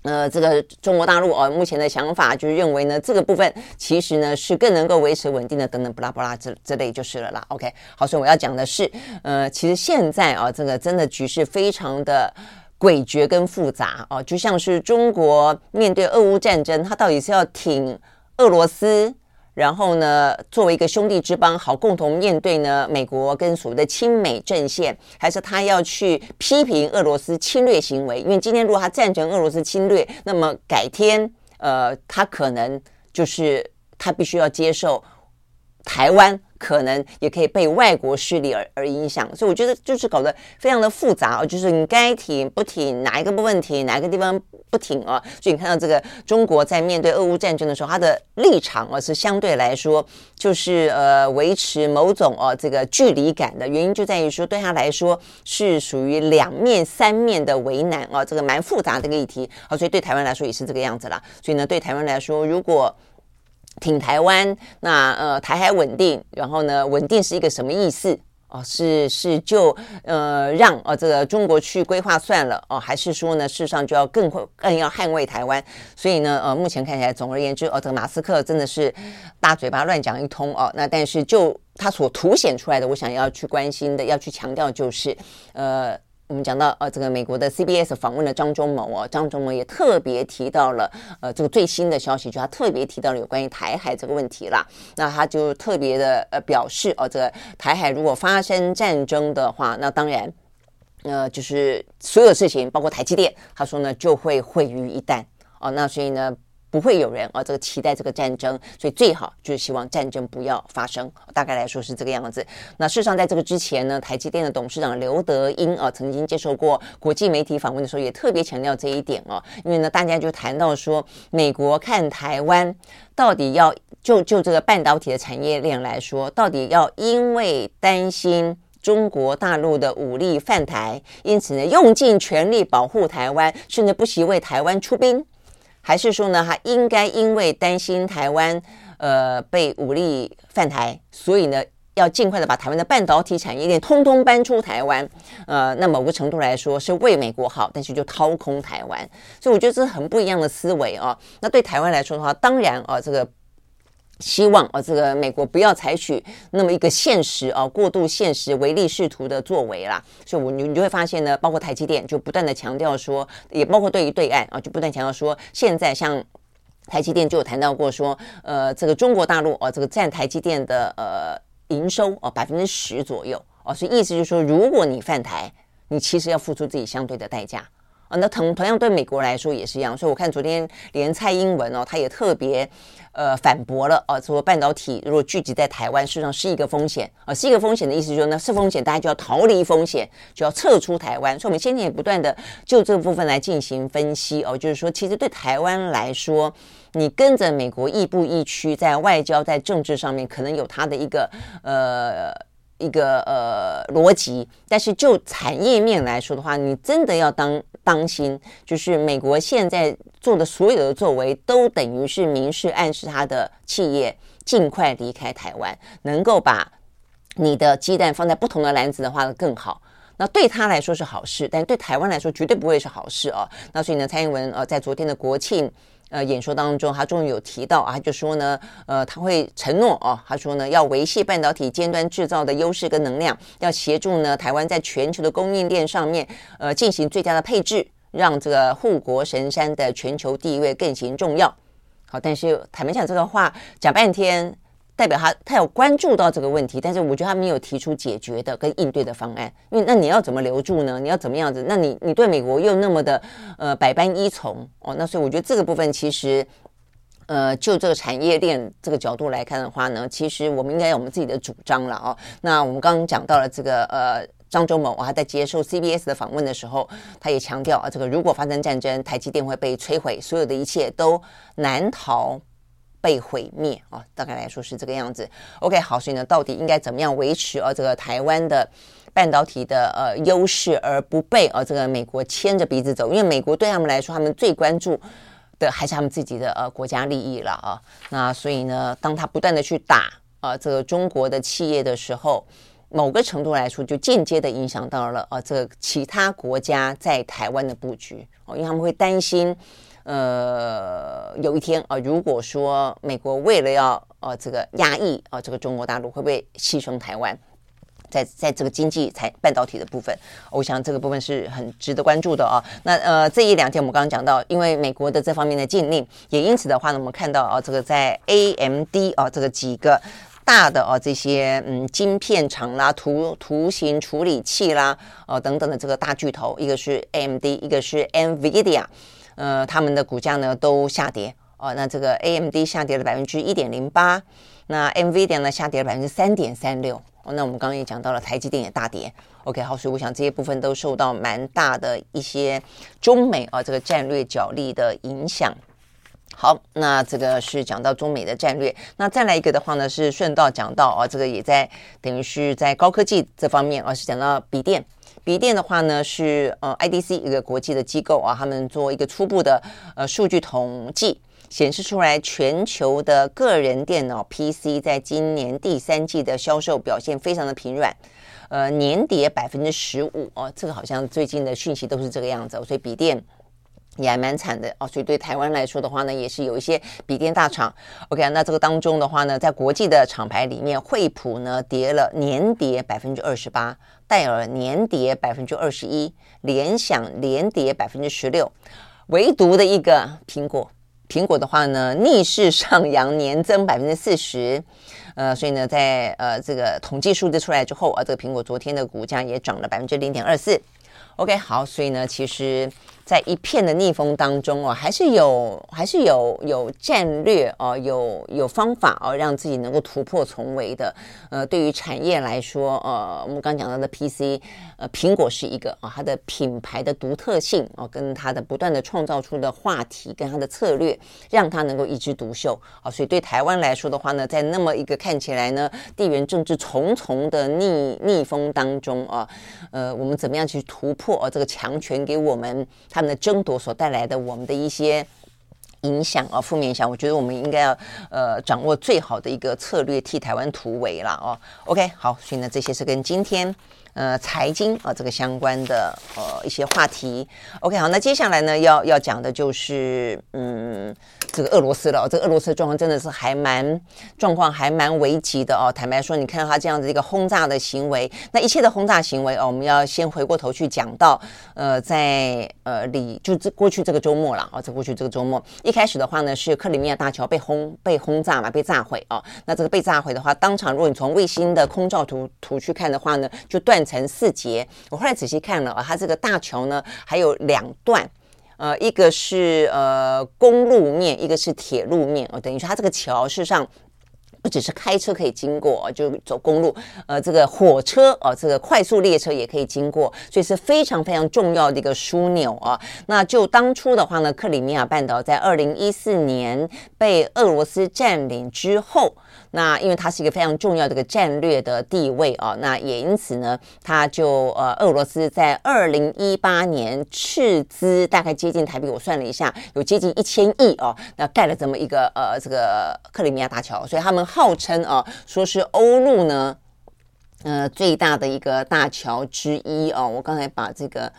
呃，這個中國大陸哦、呃、目前的想法，就是認為呢，這個部分其實呢是更能夠維持穩定的等等巴拉巴拉這這類就是了啦。OK，好，所以我要講的是，呃，其實現在啊、呃，這個真的局勢非常的。詭譎跟複雜哦，就像是中國面對俄烏戰爭，他到底是要挺俄羅斯，然後呢，作為一個兄弟之邦，好共同面對呢美國跟所謂的親美陣線，還是他要去批評俄羅斯侵略行為？因為今天如果他贊成俄羅斯侵略，那麼改天呃，他可能就是他必須要接受。台灣可能也可以被外國勢力而而影響，所以我覺得就是搞得非常的複雜哦。就是你該挺不挺，哪一個部分挺，哪一個地方不挺啊？所以你看到這個中國在面對俄烏戰爭的時候，它的立場啊是相對來說就是呃維持某種哦、啊、這個距離感的原因就在於說，對他來說是屬於兩面三面的為難哦、啊，這個蠻複雜的一個議題好、啊，所以對台灣來說也是這個樣子啦。所以呢，對台灣來說，如果挺台灣，那呃台海穩定，然後呢穩定是一個什麼意思？哦，是是就呃讓呃，這個中國去規劃算了哦，還是說呢事實上就要更會更要捍衛台灣？所以呢呃目前看起來，總而言之哦，呃，這個馬斯克真的是大嘴巴亂講一通哦。那但是就他所凸顯出來的，我想要去關心的要去強調就是呃。我們講到呃，這個美國的 CBS 訪問了張忠謀哦，張忠謀也特別提到了呃，這個最新的消息，就他特別提到了有關於台海這個問題了。那他就特別的呃表示哦，這個台海如果發生戰爭的話，那當然，呃，就是所有事情包括台積電，他說呢就會毀於一旦哦。那所以呢。不會有人啊、哦，這個期待這個戰爭，所以最好就是希望戰爭不要發生。大概來說是這個樣子。那事實上，在這個之前呢，台積電的董事長劉德音啊、哦，曾經接受過國際媒體訪問的時候，也特別強調這一點哦，因為呢，大家就談到說，美國看台灣到底要就就這個半導體的產業鏈來說，到底要因為擔心中國大陸的武力犯台，因此呢，用盡全力保護台灣，甚至不惜為台灣出兵。還是說呢，他應該因為擔心台灣呃被武力犯台，所以呢要盡快的把台灣的半導體產業鏈通通搬出台灣，呃，那某個程度來說是為美國好，但是就掏空台灣，所以我覺得這是很不一樣的思維啊。那對台灣來說的話，當然啊這個。希望啊，這個美國不要採取那麼一個現實啊，過度現實、唯利是圖的作為啦。所以，我你你就會發現呢，包括台積電就不斷的強調說，也包括對於對岸啊，就不斷強調說，現在像台積電就有談到過說，呃，這個中國大陸啊，這個佔台積電的呃營收啊百分之十左右啊，所以意思就是說，如果你犯台，你其實要付出自己相對的代價。啊，那同同樣對美國來說也是一樣，所以我看昨天連蔡英文哦，她也特別，呃，反駁了哦、啊，說半導體如果聚集在台灣，事實上是一個風險啊，是一個風險的意思、就是，就說那是風險，大家就要逃離風險，就要撤出台灣。所以我們先前也不斷的就這個部分來進行分析哦，就是說其實對台灣來說，你跟着美國亦步亦趨，在外交在政治上面，可能有它的一個呃。一個呃邏輯，但是就產業面來說的話，你真的要當當心，就是美國現在做的所有的作為，都等於是明示暗示他的企業盡快離開台灣，能夠把你的雞蛋放在不同的籃子的話更好。那對他來說是好事，但對台灣來說絕對不會是好事哦。那所以呢，蔡英文呃在昨天的國慶。呃，演說當中，他終於有提到啊，就說呢，呃，他會承諾哦、啊，他說呢，要維繫半導體尖端製造的優勢跟能量，要協助呢，台灣在全球的供應鏈上面，呃，進行最佳的配置，讓這個護國神山的全球地位更形重要。好，但是坦白講，這個話講半天。代表他，他有關注到這個問題，但是我覺得他沒有提出解決的跟應對的方案。因為那你要怎麼留住呢？你要怎麼樣子？那你你對美國又那麼的呃百般依從哦。那所以我覺得這個部分其實，呃，就這個產業鏈這個角度來看的話呢，其實我們應該有我們自己的主張了哦。那我們剛剛講到了這個呃，張忠謀還在接受 CBS 的訪問的時候，他也強調啊，這個如果發生戰爭，台積電會被摧毀，所有的一切都難逃。被毀滅哦，大概來說是這個樣子。OK，好，所以呢，到底應該怎麼樣維持呃、哦、這個台灣的半導體的呃優勢而不被呃、哦、這個美國牽着鼻子走？因為美國對他們來說，他們最關注的還是他們自己的呃國家利益了啊、哦。那所以呢，當他不斷的去打呃這個中國的企業的時候，某個程度來說，就間接的影響到了呃這個其他國家在台灣的布局哦，因為他們會擔心。呃，有一天啊，如果說美國為了要呃這個壓抑啊、呃、這個中國大陸，會不會犧牲台灣？在在這個經濟才半導體的部分，我想這個部分是很值得關注的啊。那呃這一兩天我們剛剛講到，因為美國的這方面的禁令，也因此的話呢，我們看到啊、呃、這個在 A M D 啊、呃、這個幾個大的啊、呃、這些嗯晶片廠啦、圖圖形處理器啦啊、呃、等等的這個大巨頭，一個是 A M D，一個是 N V I D I A。呃，他們的股價呢都下跌哦。那這個 AMD 下跌了百分之一點零八，那 m v 點呢下跌了百分之三點三六。那我們剛剛也講到了，台積電也大跌。OK，好，所以我想這些部分都受到蠻大的一些中美啊、哦、這個戰略角力的影響。好，那這個是講到中美的戰略。那再來一個的話呢，是順道講到啊、哦，這個也在等於是在高科技這方面，而、哦、是講到筆電。筆電的話呢，是呃，IDC 一個國際的機構啊，他們做一個初步的呃數據統計，顯示出來全球的個人電腦 PC 在今年第三季的銷售表現非常的疲軟，呃，年跌百分之十五哦，這個好像最近的訊息都是這個樣子，哦，所以筆電。也還蠻慘的哦，所以對台灣來說的話呢，也是有一些筆電大廠。OK，那這個當中的話呢，在國際的廠牌裡面，惠普呢跌了年跌百分之二十八，戴爾年跌百分之二十一，聯想年跌百分之十六，唯獨的一個蘋果，蘋果的話呢逆勢上揚，年增百分之四十。呃，所以呢，在呃這個統計數字出來之後啊，這個蘋果昨天的股價也漲了百分之零點二四。OK，好，所以呢，其實。在一片的逆風當中哦，還是有，還是有有戰略哦，有有方法哦，讓自己能夠突破重圍的。呃，對於產業來說，呃，我們剛剛講到的 PC，呃，蘋果是一個啊、哦，它的品牌的獨特性哦，跟它的不斷的創造出的話題跟它的策略，讓它能夠一枝獨秀啊、哦。所以對台灣來說的話呢，在那麼一個看起來呢，地緣政治重重的逆逆風當中啊、哦，呃，我們怎麼樣去突破哦這個強權給我們？他們的爭奪所帶來的我們的一些影響啊，負面影響，我覺得我們應該要呃掌握最好的一個策略，替台灣突圍了哦。OK，好，所以呢，這些是跟今天。呃，財經啊、哦，這個相關的呃、哦、一些話題，OK，好，那接下來呢，要要講的就是嗯，這個俄羅斯了，哦、這個俄羅斯的狀況真的是還蠻狀況還蠻危急的哦。坦白說，你看他這樣子一個轟炸的行為，那一切的轟炸行為哦，我們要先回過頭去講到呃，在呃裡就這過去這個周末了哦，在過去這個周末，一開始的話呢是克里米亞大橋被轟被轟炸嘛，被炸毀哦，那這個被炸毀的話，當場如果你從衛星的空照圖圖去看的話呢，就斷。成四節，我後來仔細看了啊，它這個大橋呢還有兩段，呃，一個是呃公路面，一個是鐵路面哦、呃，等於說它這個橋事實上不只是開車可以經過、呃，就走公路，呃，這個火車哦、呃，這個快速列車也可以經過，所以是非常非常重要的一個樞紐哦、呃，那就當初的話呢，克里米亞半島在二零一四年被俄羅斯佔領之後。那因為它是一個非常重要的一個戰略的地位啊，那也因此呢，它就呃，俄羅斯在二零一八年斥資大概接近台幣，我算了一下，有接近一千億哦，那蓋了這麼一個呃這個克里米亞大橋，所以他們號稱哦，說是歐陸呢，呃最大的一個大橋之一哦，我剛才把這個。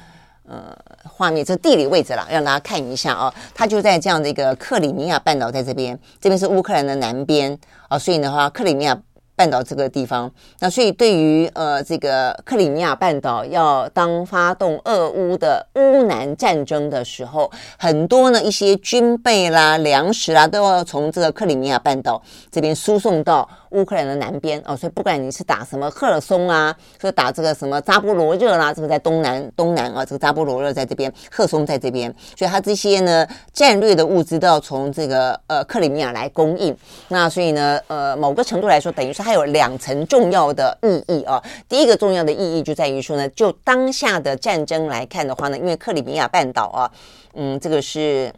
呃，畫面這地理位置了，讓大家看一下啊、哦。它就在這樣的一個克里米亞半島，在這邊，這邊是烏克蘭的南邊啊、哦。所以的話，克里米亞半島這個地方，那所以對於呃這個克里米亞半島，要當發動俄烏的烏南戰爭的時候，很多呢一些軍備啦、糧食啦，都要從這個克里米亞半島這邊輸送到烏克蘭的南邊哦，所以不管你是打什麼赫爾松啊，說打這個什麼扎波羅熱啦、啊，這個在東南東南啊，這個扎波羅熱在這邊，赫爾松在這邊，所以它這些呢戰略的物資都要從這個呃克里米亞來供應。那所以呢，呃，某個程度來說，等於說它有兩層重要的意義啊。第一個重要的意義就在於說呢，就當下的戰爭來看的話呢，因為克里米亞半島啊，嗯，這個是。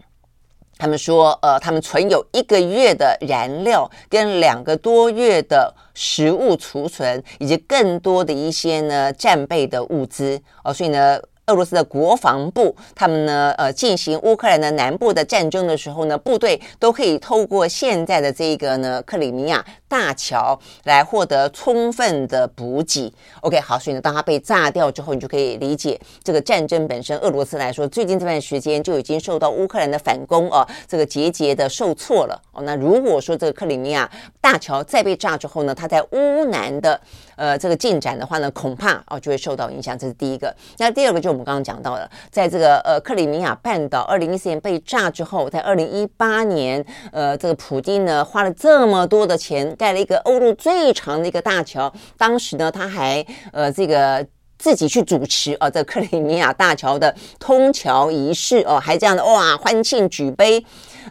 他們說，呃，他們存有一個月的燃料，跟兩個多月的食物儲存，以及更多的一些呢戰備的物資哦，呃，所以呢。俄羅斯的國防部，他們呢，呃，進行烏克蘭的南部的戰爭的時候呢，部隊都可以透過現在的這個呢克里米亞大橋來獲得充分的補給。OK，好，所以呢，當它被炸掉之後，你就可以理解這個戰爭本身。俄羅斯來說，最近這段時間就已經受到烏克蘭的反攻啊，這個節節的受挫了。哦，那如果說這個克里米亞大橋再被炸之後呢，它在烏南的。呃，這個進展的話呢，恐怕哦就會受到影響，這是第一個。那第二個就是我們剛剛講到的，在這個呃克里米亞半島，二零一四年被炸之後，在二零一八年，呃，這個普丁呢花了這麼多的錢蓋了一個歐陸最長的一個大橋。當時呢，他還呃這個自己去主持哦、呃、這個、克里米亞大橋的通橋儀式哦、呃，還這樣的哇歡慶舉杯。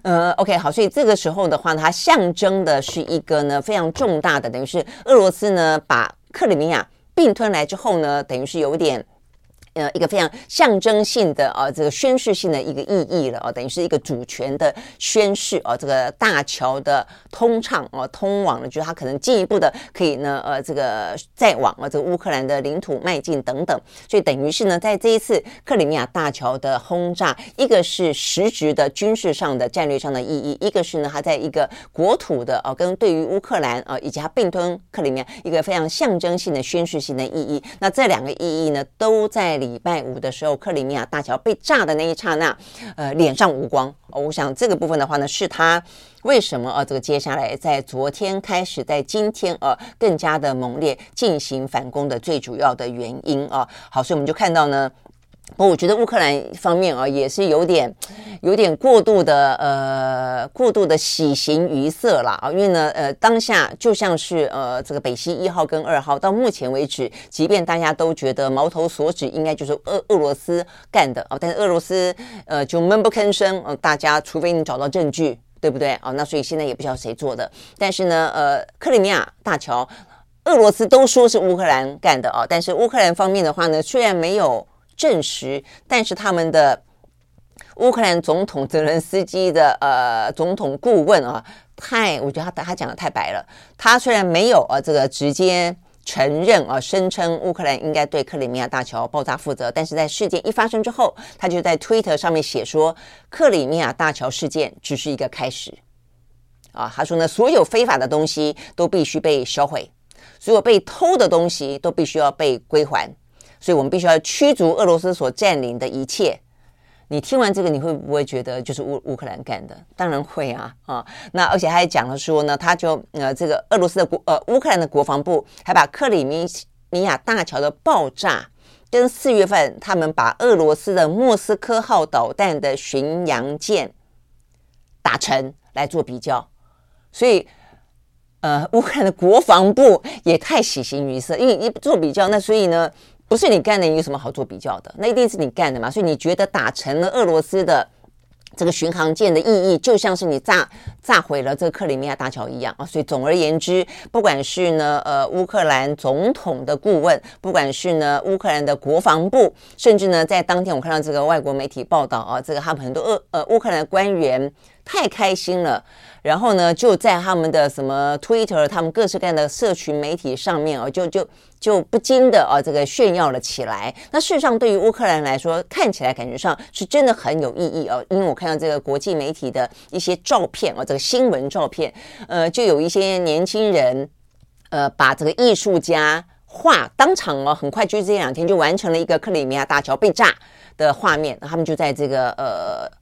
呃，OK 好，所以這個時候的話它象徵的是一個呢非常重大的，等於是俄羅斯呢把克里米亞併吞來之後呢，等於是有點。呃，一個非常象徵性的呃這個宣示性的一個意義了啊、呃，等於是一個主權的宣示啊、呃。這個大橋的通暢啊、呃，通往了就是它可能進一步的可以呢，呃，這個再往啊、呃，這個烏克蘭的領土邁進等等。所以等於是呢，在這一次克里米亞大橋的轟炸，一個是實質的軍事上的戰略上的意義，一個是呢，它在一個國土的呃跟對於烏克蘭呃以及它併吞克里米亞一個非常象徵性的宣示性的意義。那這兩個意義呢，都在。禮拜五的時候，克里米亞大橋被炸的那一剎那，呃，臉上無光。哦，我想這個部分的話呢，是他為什麼呃，啊，這個接下來在昨天開始，在今天呃，啊，更加的猛烈進行反攻的最主要的原因啊。好，所以我們就看到呢。哦，我覺得烏克蘭方面啊，也是有點，有點過度的，呃，過度的喜形於色了啊。因為呢，呃，當下就像是呃，這個北溪一號跟二號到目前為止，即便大家都覺得矛頭所指應該就是俄俄羅斯幹的哦，但是俄羅斯呃就悶不吭聲。呃，大家除非你找到證據，對不對啊？哦，那所以現在也不知道誰做的。但是呢，呃，克里米亞大橋，俄羅斯都說是烏克蘭幹的啊，哦，但是烏克蘭方面的話呢，雖然沒有。證實，但是他們的烏克蘭總統澤倫斯基的呃總統顧問啊，太我覺得他他講的太白了。他雖然沒有呃這個直接承認啊、呃，聲稱烏克蘭應該對克里米亞大橋爆炸負責，但是在事件一發生之後，他就在推特上面寫說，克里米亞大橋事件只是一個開始啊。他說呢，所有非法的東西都必須被銷毀，所有被偷的東西都必須要被歸還。所以，我們必須要驅逐俄羅斯所佔領的一切。你聽完這個，你會不會覺得就是烏烏克蘭幹的？當然會啊！啊，那而且還講了說呢，他就呃，這個俄羅斯的國呃烏克蘭的國防部還把克里米亞大橋的爆炸跟四月份他們把俄羅斯的莫斯科號導彈的巡洋艦打沉來做比較。所以，呃，烏克蘭的國防部也太喜形於色，因為一做比較，那所以呢？不是你幹的，你有什麼好做比較的？那一定是你幹的嘛！所以你覺得打沉了俄羅斯的這個巡航艦的意義，就像是你炸炸毀了這個克里米亞大橋一樣啊！所以總而言之，不管是呢呃烏克蘭總統的顧問，不管是呢烏克蘭的國防部，甚至呢在當天我看到這個外國媒體報道啊，這個他們很多呃呃烏克蘭的官員。太開心了，然後呢，就在他們的什麼 Twitter，他們各式各樣的社群媒體上面哦，就就就不禁地哦，這個炫耀了起來。那事實上，對於烏克蘭來說，看起來感覺上是真的很有意義哦。因為我看到這個國際媒體的一些照片哦，這個新聞照片，呃，就有一些年輕人，呃，把這個藝術家畫當場哦，很快就這兩天就完成了一個克里米亞大橋被炸的畫面，他們就在這個呃。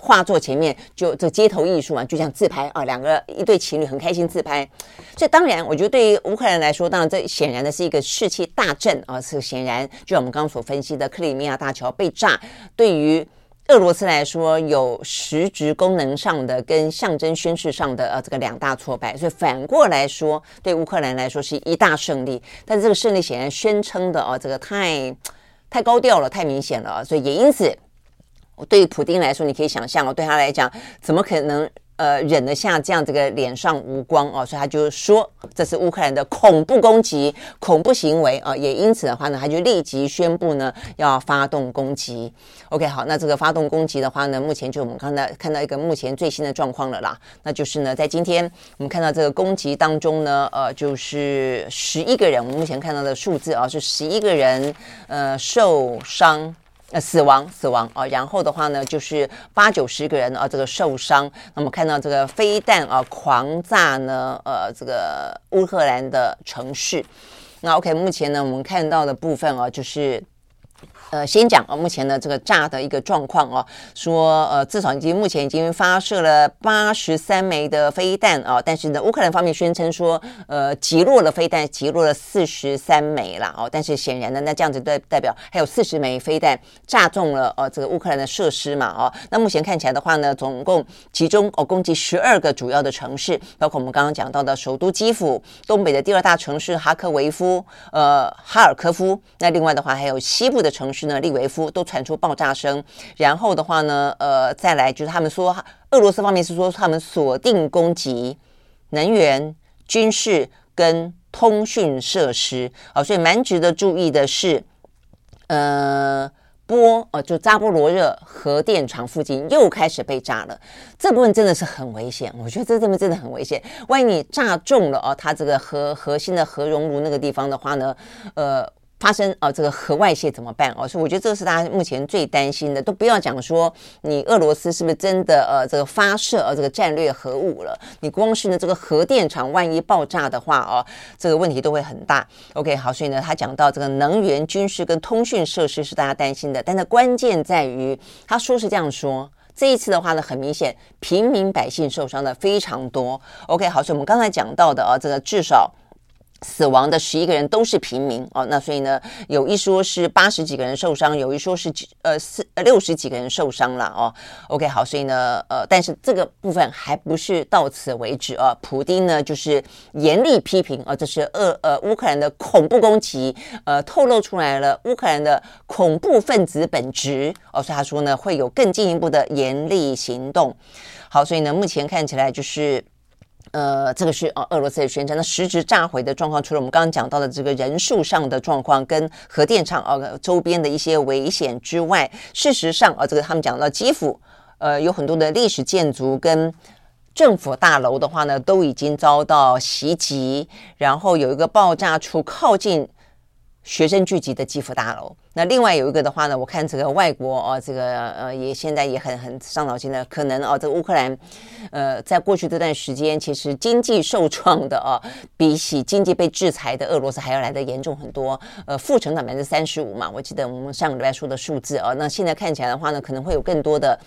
畫作前面就這街頭藝術嘛、啊，就像自拍啊，兩個一對情侶很開心自拍。所以當然，我覺得對於烏克蘭來說，當然這顯然的是一個士氣大振啊。是顯然，就我們剛剛所分析的，克里米亞大橋被炸，對於俄羅斯來說有實質功能上的跟象徵宣示上的呃、啊、這個兩大挫敗。所以反過來說，對烏克蘭來說是一大勝利。但是這個勝利顯然宣稱的哦、啊，這個太太高調了，太明顯了，所以也因此。對於普丁來說，你可以想象哦，對他來講，怎麼可能呃忍得下這樣這個臉上無光哦、啊？所以他就說這是烏克蘭的恐怖攻擊、恐怖行為啊！也因此的話呢，他就立即宣布呢要發動攻擊。OK，好，那這個發動攻擊的話呢，目前就我們剛才看到一個目前最新的狀況了啦。那就是呢，在今天我們看到這個攻擊當中呢，呃，就是十一個人，我們目前看到的數字啊是十一個人呃受傷。呃，死亡，死亡啊、呃！然後的話呢，就是八九十個人啊、呃，這個受傷。那麼看到這個飛彈啊、呃，狂炸呢，呃，這個烏克蘭的城市。那 OK，目前呢，我們看到的部分啊、呃，就是。呃，先講啊，哦，目前呢，這個炸的一個狀況哦，說呃至少已經目前已經發射了八十三枚的飛彈哦，但是呢，烏克蘭方面宣稱說呃擊落了飛彈，擊落了四十三枚了哦，但是顯然呢，那這樣子代代表還有四十枚飛彈炸中了呃這個烏克蘭的設施嘛哦，那目前看起來的話呢，總共其中哦共計十二個主要的城市，包括我們剛剛講到的首都基輔、東北的第二大城市哈克維夫、呃哈爾科夫，那另外的話還有西部的城市，是呢，利維夫都傳出爆炸聲，然後的話呢，呃，再來就是他們說俄羅斯方面是說他們鎖定攻擊能源、軍事跟通訊設施啊，呃，所以蠻值得注意的是，呃，波哦，呃，就扎波羅熱核電廠附近又開始被炸了，這部分真的是很危險，我覺得這部分真的很危險，萬一你炸中了哦，它這個核核心的核熔爐那個地方的話呢，呃。發生啊，這個核外泄怎麼辦哦、啊？所以我覺得這是大家目前最擔心的，都不要講說你俄羅斯是不是真的呃、啊，這個發射、啊、這個戰略核武了？你光是呢這個核電廠萬一爆炸的話哦、啊，這個問題都會很大。OK，好，所以呢他講到這個能源、軍事跟通訊設施是大家擔心的，但是關鍵在於他說是這樣說，這一次的話呢，很明顯平民百姓受傷的非常多。OK，好，所以我們剛才講到的啊，這個至少。死亡的十一個人都是平民哦，那所以呢，有一說是八十幾個人受傷，有一說是幾呃四、呃六十幾個人受傷了哦。OK，好，所以呢，呃，但是這個部分還不是到此為止哦。普丁呢，就是嚴厲批評啊，哦，這是俄呃，呃烏克蘭的恐怖攻擊，呃，透露出來了烏克蘭的恐怖分子本質哦，所以他說呢，會有更進一步的嚴厲行動。好，所以呢，目前看起來就是。呃，這個是啊，俄羅斯的宣稱。那實質炸毀的狀況，除了我們剛剛講到的這個人數上的狀況跟核電廠，呃，周邊的一些危險之外，事實上啊，呃，這個他們講到基輔，呃，有很多的歷史建築跟政府大樓的話呢，都已經遭到襲擊，然後有一個爆炸處靠近。學生聚集的基輔大樓。那另外有一個的話呢，我看這個外國啊，這個呃也現在也很很傷腦筋的。可能啊，這個烏克蘭，呃，在過去這段時間，其實經濟受創的啊，比起經濟被制裁的俄羅斯還要來得嚴重很多。呃，負成長百分之三十五嘛，我記得我們上個禮拜說的數字啊，那現在看起來的話呢，可能會有更多的。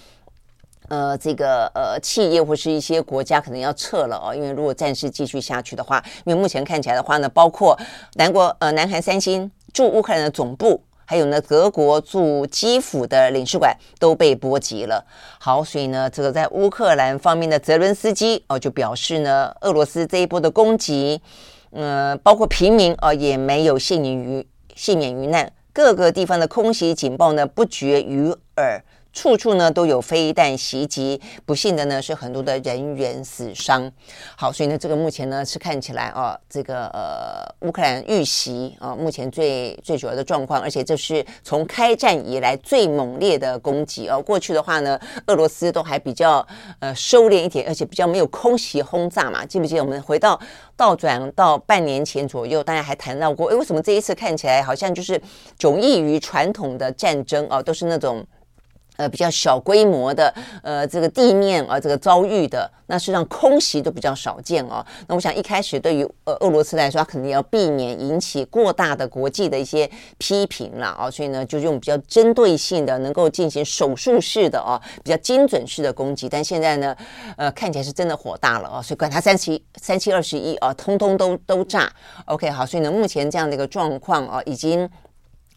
呃，這個呃，企業或是一些國家可能要撤了哦，因為如果戰事繼續下去的話，因為目前看起來的話呢，包括南國呃，南韓三星駐烏克蘭的總部，還有呢德國駐基輔的領事館都被波及了。好，所以呢，這個在烏克蘭方面的澤倫斯基哦、呃，就表示呢，俄羅斯這一波的攻擊，嗯、呃，包括平民哦、呃，也沒有幸免於幸免於難，各個地方的空襲警報呢不絕於耳。處處呢都有飛彈襲擊，不幸的呢是很多的人員死傷。好，所以呢，這個目前呢是看起來啊、哦，這個呃烏克蘭遇襲啊、呃，目前最最主要的狀況，而且這是從開戰以來最猛烈的攻擊啊、哦。過去的話呢，俄羅斯都還比較呃收斂一點，而且比較沒有空襲轟炸嘛。記不記得我們回到倒轉到半年前左右，大家還談到過，哎、欸，為什麼這一次看起來好像就是迥異於傳統的戰爭啊、哦，都是那種。呃，比較小規模的，呃，這個地面啊，這個遭遇的，那實際上空襲都比較少見哦。那我想一開始對於呃俄羅斯來說，他肯定要避免引起過大的國際的一些批評了啊，所以呢，就用比較針對性的，能夠進行手術式的哦、啊，比較精準式的攻擊。但現在呢，呃，看起來是真的火大了啊，所以管他三七三七二十一啊，通通都都炸。OK，好，所以呢，目前這樣的一個狀況啊，已經。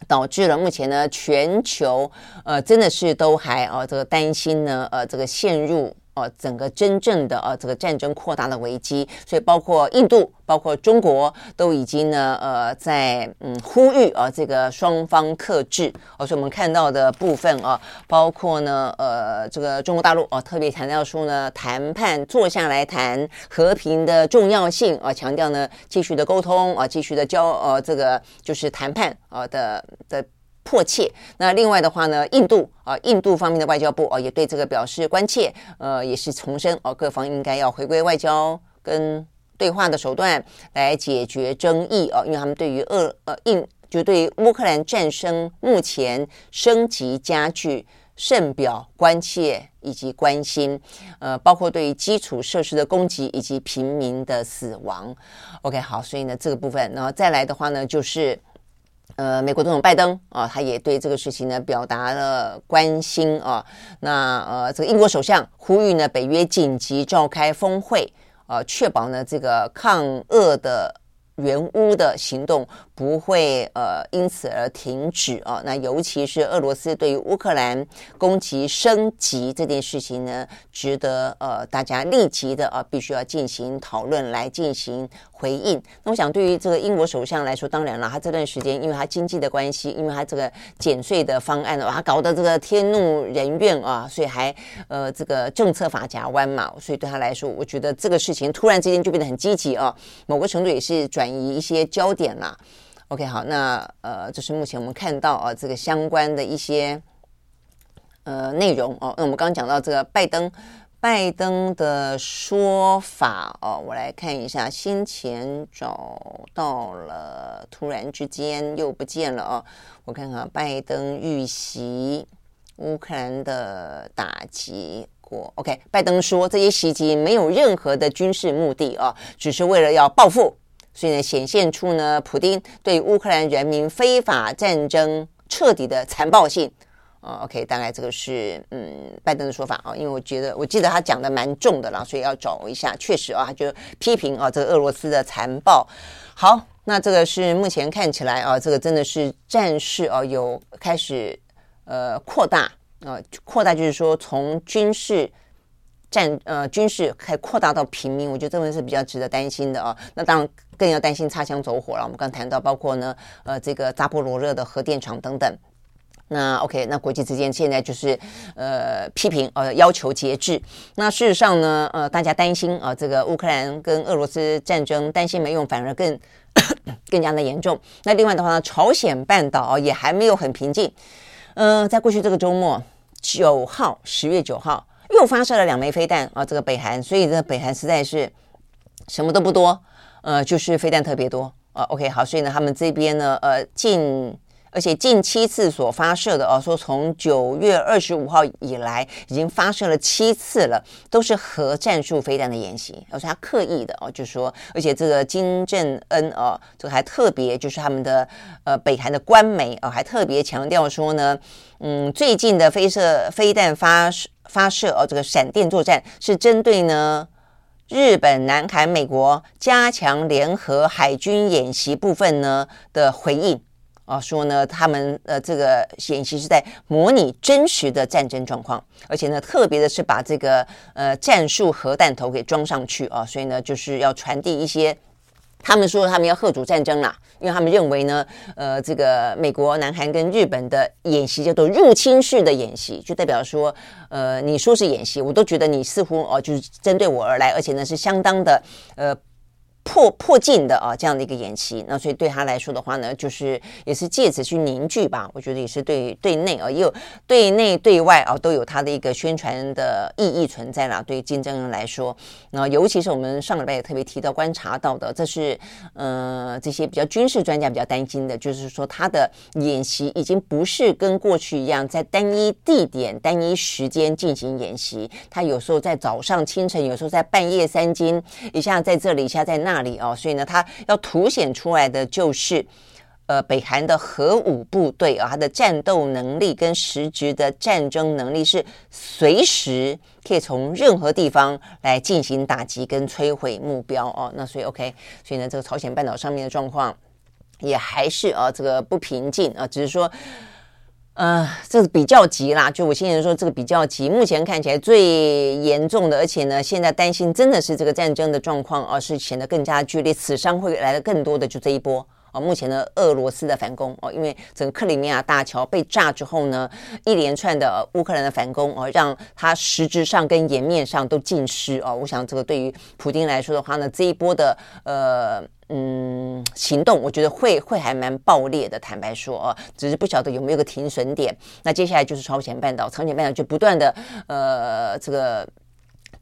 導致了目前呢，全球，呃，真的是都還哦、呃，這個擔心呢，呃，這個陷入。哦，整個真正的呃、啊，這個戰爭擴大的危機，所以包括印度、包括中國都已經呢，呃，在嗯呼籲啊，這個雙方克制。哦、呃，所以我們看到的部分啊，包括呢，呃，這個中國大陸啊，特別強調說呢，談判坐下來談和平的重要性啊、呃，強調呢，繼續的溝通啊、呃，繼續的交呃，這個就是談判啊的、呃、的。的迫切。那另外的話呢，印度啊、呃，印度方面的外交部啊、呃，也對這個表示關切，呃，也是重申哦、呃，各方應該要回歸外交跟對話的手段來解決爭議哦、呃，因為他們對於俄呃印就對於烏克蘭戰爭目前升級加劇甚表關切以及關心，呃，包括對於基礎設施的攻擊以及平民的死亡。OK，好，所以呢，這個部分然後再來的話呢，就是。呃，美國總統拜登啊，呃，他也對這個事情呢表達了關心啊。那呃，呃，這個英國首相呼籲呢，北約緊急召開峰會，呃，確保呢這個抗俄的援烏的行動。不會呃因此而停止哦、啊。那尤其是俄羅斯對於烏克蘭攻擊升級這件事情呢，值得呃大家立即的啊必須要進行討論來進行回應。那我想對於這個英國首相來說，當然了，他這段時間因為他經濟的關係，因為他這個減稅的方案、啊、他搞得這個天怒人怨啊，所以還呃這個政策髮夾彎嘛，所以對他來說，我覺得這個事情突然之間就變得很積極啊，某個程度也是轉移一些焦點啦。OK，好，那呃，這、就是目前我們看到啊，這個相關的一些呃內容哦、啊。那、嗯、我們剛講到這個拜登，拜登的說法哦、啊，我來看一下，先前找到了，突然之間又不見了哦、啊。我看看，拜登遇襲，烏克蘭的打擊過。OK，拜登說，這些襲擊沒有任何的軍事目的哦、啊，只是為了要報復。所以呢，顯現出呢，普丁對烏克蘭人民非法戰爭徹底的殘暴性。啊，OK，大概這個是嗯，拜登的說法啊，因為我覺得我記得他講的蠻重的啦，所以要找一下，確實啊，他就批評啊，這個俄羅斯的殘暴。好，那這個是目前看起來啊，這個真的是戰事啊，有開始呃擴大啊，擴大就是說從軍事戰呃軍事，還擴大到平民，我覺得真的是比較值得擔心的啊。那當然。更要擔心擦槍走火了。我們剛談到，包括呢，呃，這個扎波羅熱的核電廠等等。那 OK，那國際之間現在就是呃批評呃要求節制。那事實上呢，呃，大家擔心啊、呃，這個烏克蘭跟俄羅斯戰爭擔心沒用，反而更 *coughs* 更加的嚴重。那另外的話呢，朝鮮半島也還沒有很平靜。嗯、呃，在過去這個周末，九號、十月九號又發射了兩枚飛彈啊、呃，這個北韓，所以這個北韓實在是什麼都不多。呃，就是飛彈特別多呃，啊，OK，好，所以呢，他們這邊呢，呃，近而且近七次所發射的呃，哦，說從九月二十五號以來已經發射了七次了，都是核戰術飛彈的演習。而且，哦，他刻意的哦，就說，而且這個金正恩哦，這個還特別就是他們的呃北韓的官媒哦，還特別強調說呢，嗯，最近的飛射飛彈发發射哦，這個閃電作戰是針對呢。日本、南韓、美國加強聯合海軍演習部分呢的回應啊，說呢他們呃這個演習是在模擬真實的戰爭狀況，而且呢特別的是把這個呃戰術核彈頭給裝上去啊，所以呢就是要傳遞一些。他們說他們要嚇阻戰爭啦，因為他們認為呢，呃，這個美國、南韓跟日本的演習叫做入侵式的演習，就代表說，呃，你說是演習，我都覺得你似乎哦、呃，就是針對我而來，而且呢是相當的，呃。迫迫近的啊，這樣的一個演習，那所以對他來說的話呢，就是也是借此去凝聚吧。我覺得也是對對內啊，也有對內對外啊，都有他的一個宣傳的意義存在了。對於金正恩來說，那尤其是我們上禮拜也特別提到觀察到的，這是呃這些比較軍事專家比較擔心的，就是說他的演習已經不是跟過去一樣在單一地點、單一時間進行演習，他有時候在早上清晨，有時候在半夜三更，一下在這裡，一下在那。那裡哦，所以呢，他要凸顯出來的就是，呃，北韓的核武部隊啊、哦，它的戰鬥能力跟實質的戰爭能力是隨時可以從任何地方來進行打擊跟摧毀目標哦。那所以，OK，所以呢，這個朝鮮半島上面的狀況也還是啊、哦，這個不平靜啊、哦，只是說。呃，這是比較急啦，就我先前說這個比較急，目前看起來最嚴重的，而且呢，現在擔心真的是這個戰爭的狀況，而是顯得更加劇烈，死傷會來的更多的，就這一波。目前的俄羅斯的反攻哦，因為整個克里米亞大橋被炸之後呢，一連串的、呃、烏克蘭的反攻哦，讓他實質上跟顏面上都盡失哦。我想這個對於普丁來說的話呢，這一波的呃嗯行動，我覺得會會還蠻爆裂的。坦白說哦、呃，只是不曉得有沒有個停損點。那接下來就是朝鮮半島，朝鮮半島就不斷的呃這個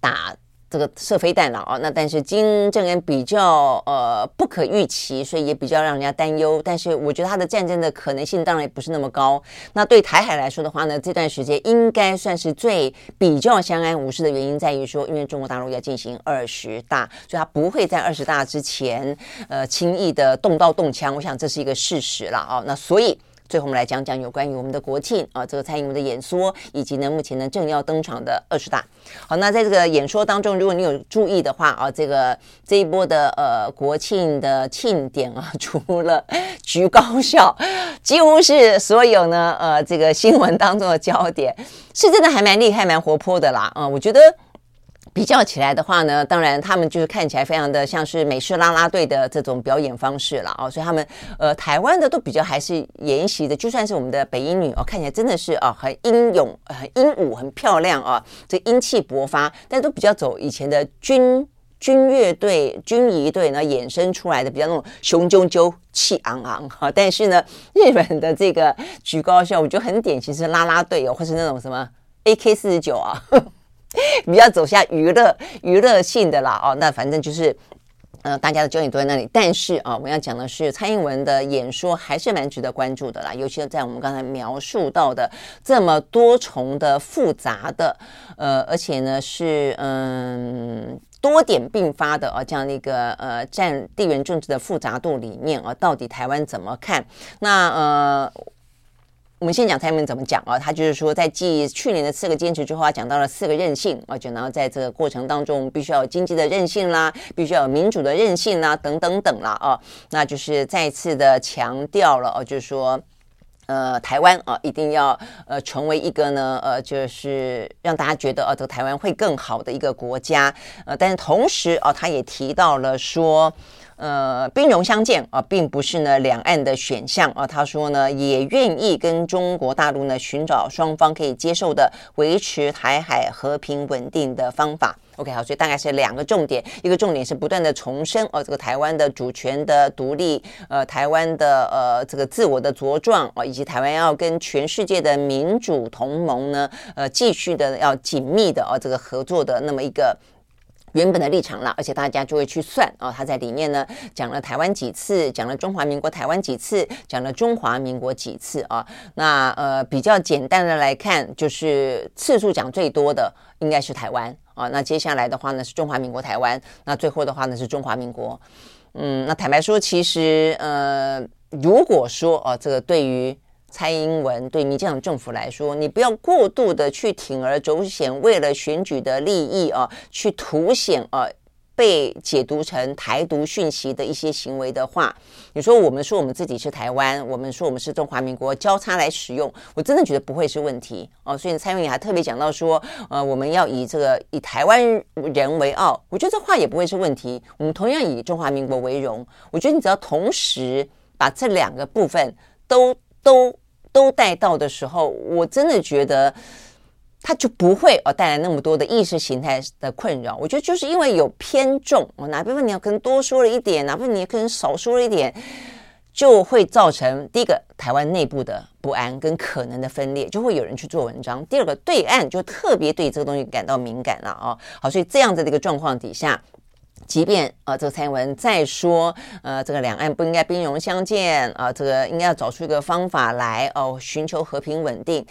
打。這個涉非代勞，那但是金正恩比較呃不可預期，所以也比較讓人家擔憂。但是我覺得他的戰爭的可能性當然也不是那麼高。那對台海來說的話呢，這段時間應該算是最比較相安無事的原因，在於說，因為中國大陸要進行二十大，所以他不會在二十大之前呃輕易的動刀動槍。我想這是一個事實了啊、哦。那所以。最後，我們來講講有關於我們的國慶啊，這個蔡英文的演說，以及呢，目前呢正要登場的二十大。好，那在這個演說當中，如果你有注意的話啊，這個這一波的呃國慶的慶典啊，除了橘高校，幾乎是所有呢呃這個新聞當中的焦點，是真的還蠻厲害、蠻活潑的啦。啊、呃，我覺得。比較起來的話呢，當然他們就是看起來非常的像是美式拉拉隊的這種表演方式了啊、哦，所以他們呃台灣的都比較還是沿襲的，就算是我們的北一女哦，看起來真的是哦，很英勇、很英武、很英武、很漂亮啊、哦，這英氣勃發，但都比較走以前的軍軍樂隊、軍儀隊呢衍生出來的比較那種雄赳赳、氣昂昂哈、哦，但是呢，日本的這個橘高校，我覺得很典型是拉拉隊哦，或是那種什麼 AK 四、哦、十九啊。呵呵 *laughs* 比較走下娛樂娛樂性的啦哦，那反正就是，嗯、呃，大家的焦點都在那裡。但是啊，我們要講的是蔡英文的演說還是蠻值得關注的啦，尤其是在我們剛才描述到的這麼多重的複雜的，呃，而且呢是嗯、呃、多點併發的啊，這樣的一個呃戰地緣政治的複雜度裡面啊，到底台灣怎麼看？那呃。我們先講蔡英文怎麼講啊？他就是說，在繼去年的四個堅持之後、啊，他講到了四個韌性，而且然後在這個過程當中，必須要有經濟的韌性啦，必須要有民主的韌性啦，等等等啦啊，啊，那就是再次的強調了哦、啊，就是說，呃，台灣啊，一定要呃成為一個呢呃，就是讓大家覺得呃這個台灣會更好的一個國家，呃，但是同時啊，他也提到了說。呃，兵戎相見啊、呃，並不是呢兩岸的選項啊、呃。他說呢，也願意跟中國大陸呢尋找雙方可以接受的維持台海和平穩定的方法。OK，好，所以大概是兩個重點，一個重點是不斷的重申哦、呃，這個台灣的主權的獨立，呃，台灣的呃這個自我的茁壯啊、呃，以及台灣要跟全世界的民主同盟呢，呃，繼續的要緊密的哦、呃，這個合作的那麼一個。原本的立場了，而且大家就會去算哦，他在裡面呢講了台灣幾次，講了中華民國台灣幾次，講了中華民國幾次啊？那呃，比較簡單的來看，就是次數講最多的應該是台灣啊。那接下來的話呢是中華民國台灣，那最後的話呢是中華民國。嗯，那坦白說，其實呃，如果說哦，啊，這個對於。蔡英文對民進黨政府來說，你不要過度的去鋌而走險，為了選舉的利益而，啊、去凸顯而被解讀成台獨訊息的一些行為的話，你說我們說我們自己是台灣，我們說我們是中華民國交叉來使用，我真的覺得不會是問題哦、啊。所以蔡英文還特別講到說，呃、啊，我們要以這個以台灣人為傲，我覺得這話也不會是問題。我們同樣以中華民國為榮，我覺得你只要同時把這兩個部分都都。都帶到的時候，我真的覺得他就不會哦帶來那麼多的意識形態的困擾。我覺得就是因為有偏重，哦，哪部分你要可能多說了一點，哪部分你可能少說了一點，就會造成第一個台灣內部的不安跟可能的分裂，就會有人去做文章。第二個，對岸就特別對這個東西感到敏感了啊哦。好，所以這樣子的一個狀況底下。即便啊、呃，這個蔡英文再說，呃，這個兩岸不應該兵戎相見啊、呃，這個應該要找出一個方法來哦、呃，尋求和平穩定。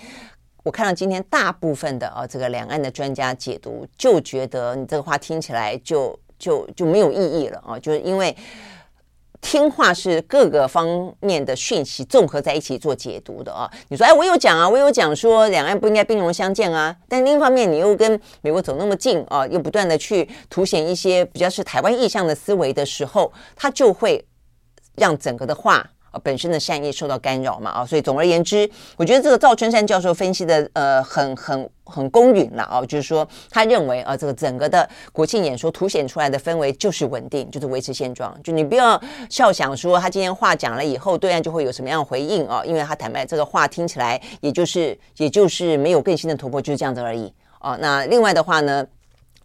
我看到今天大部分的啊、呃，這個兩岸的專家解讀，就覺得你這個話聽起來就就就沒有意義了啊、呃，就是因為。聽話是各個方面的訊息綜合在一起做解讀的啊、哦，你說，哎，我有講啊，我有講說兩岸不應該兵戎相見啊。但另一方面，你又跟美國走那麼近啊、哦，又不斷的去凸顯一些比較是台灣意向的思維的時候，它就會讓整個的話。本身的善意受到干擾嘛，啊，所以總而言之，我覺得這個趙春山教授分析的呃很很很公允了啊，就是說他認為啊，這個整個的國慶演說凸顯出來的氛圍就是穩定，就是維持現狀，就你不要笑想說他今天話講了以後，對岸就會有什麼樣的回應啊，因為他坦白這個話聽起來，也就是也就是沒有更新的突破，就是這樣子而已啊，那另外的話呢？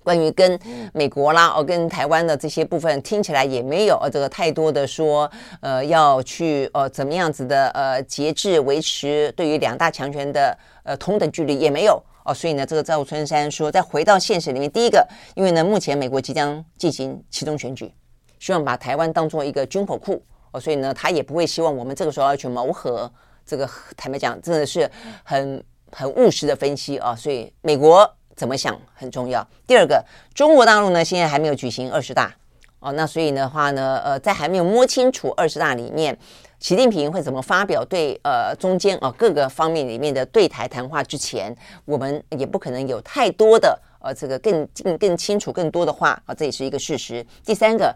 關於跟美國啦，哦，跟台灣的這些部分，聽起來也沒有這個太多的說，呃，要去，呃，怎麼樣子的，呃，節制維持對於兩大強權的呃同等距離也沒有，哦，所以呢，這個趙春山說，再回到現實裡面，第一個，因為呢，目前美國即將進行期中選舉，希望把台灣當做一個軍火庫，哦，所以呢，他也不會希望我們這個時候要去謀和，這個坦白講，真的是很很務實的分析啊，呃，所以美國。怎麼想很重要。第二個，中國大陸呢，現在還沒有舉行二十大哦，那所以的話呢，呃，在還沒有摸清楚二十大裡面習近平會怎麼發表對呃中間哦、呃、各個方面裡面的對台談話之前，我們也不可能有太多的呃這個更更更清楚更多的話啊，這也是一個事實。第三個，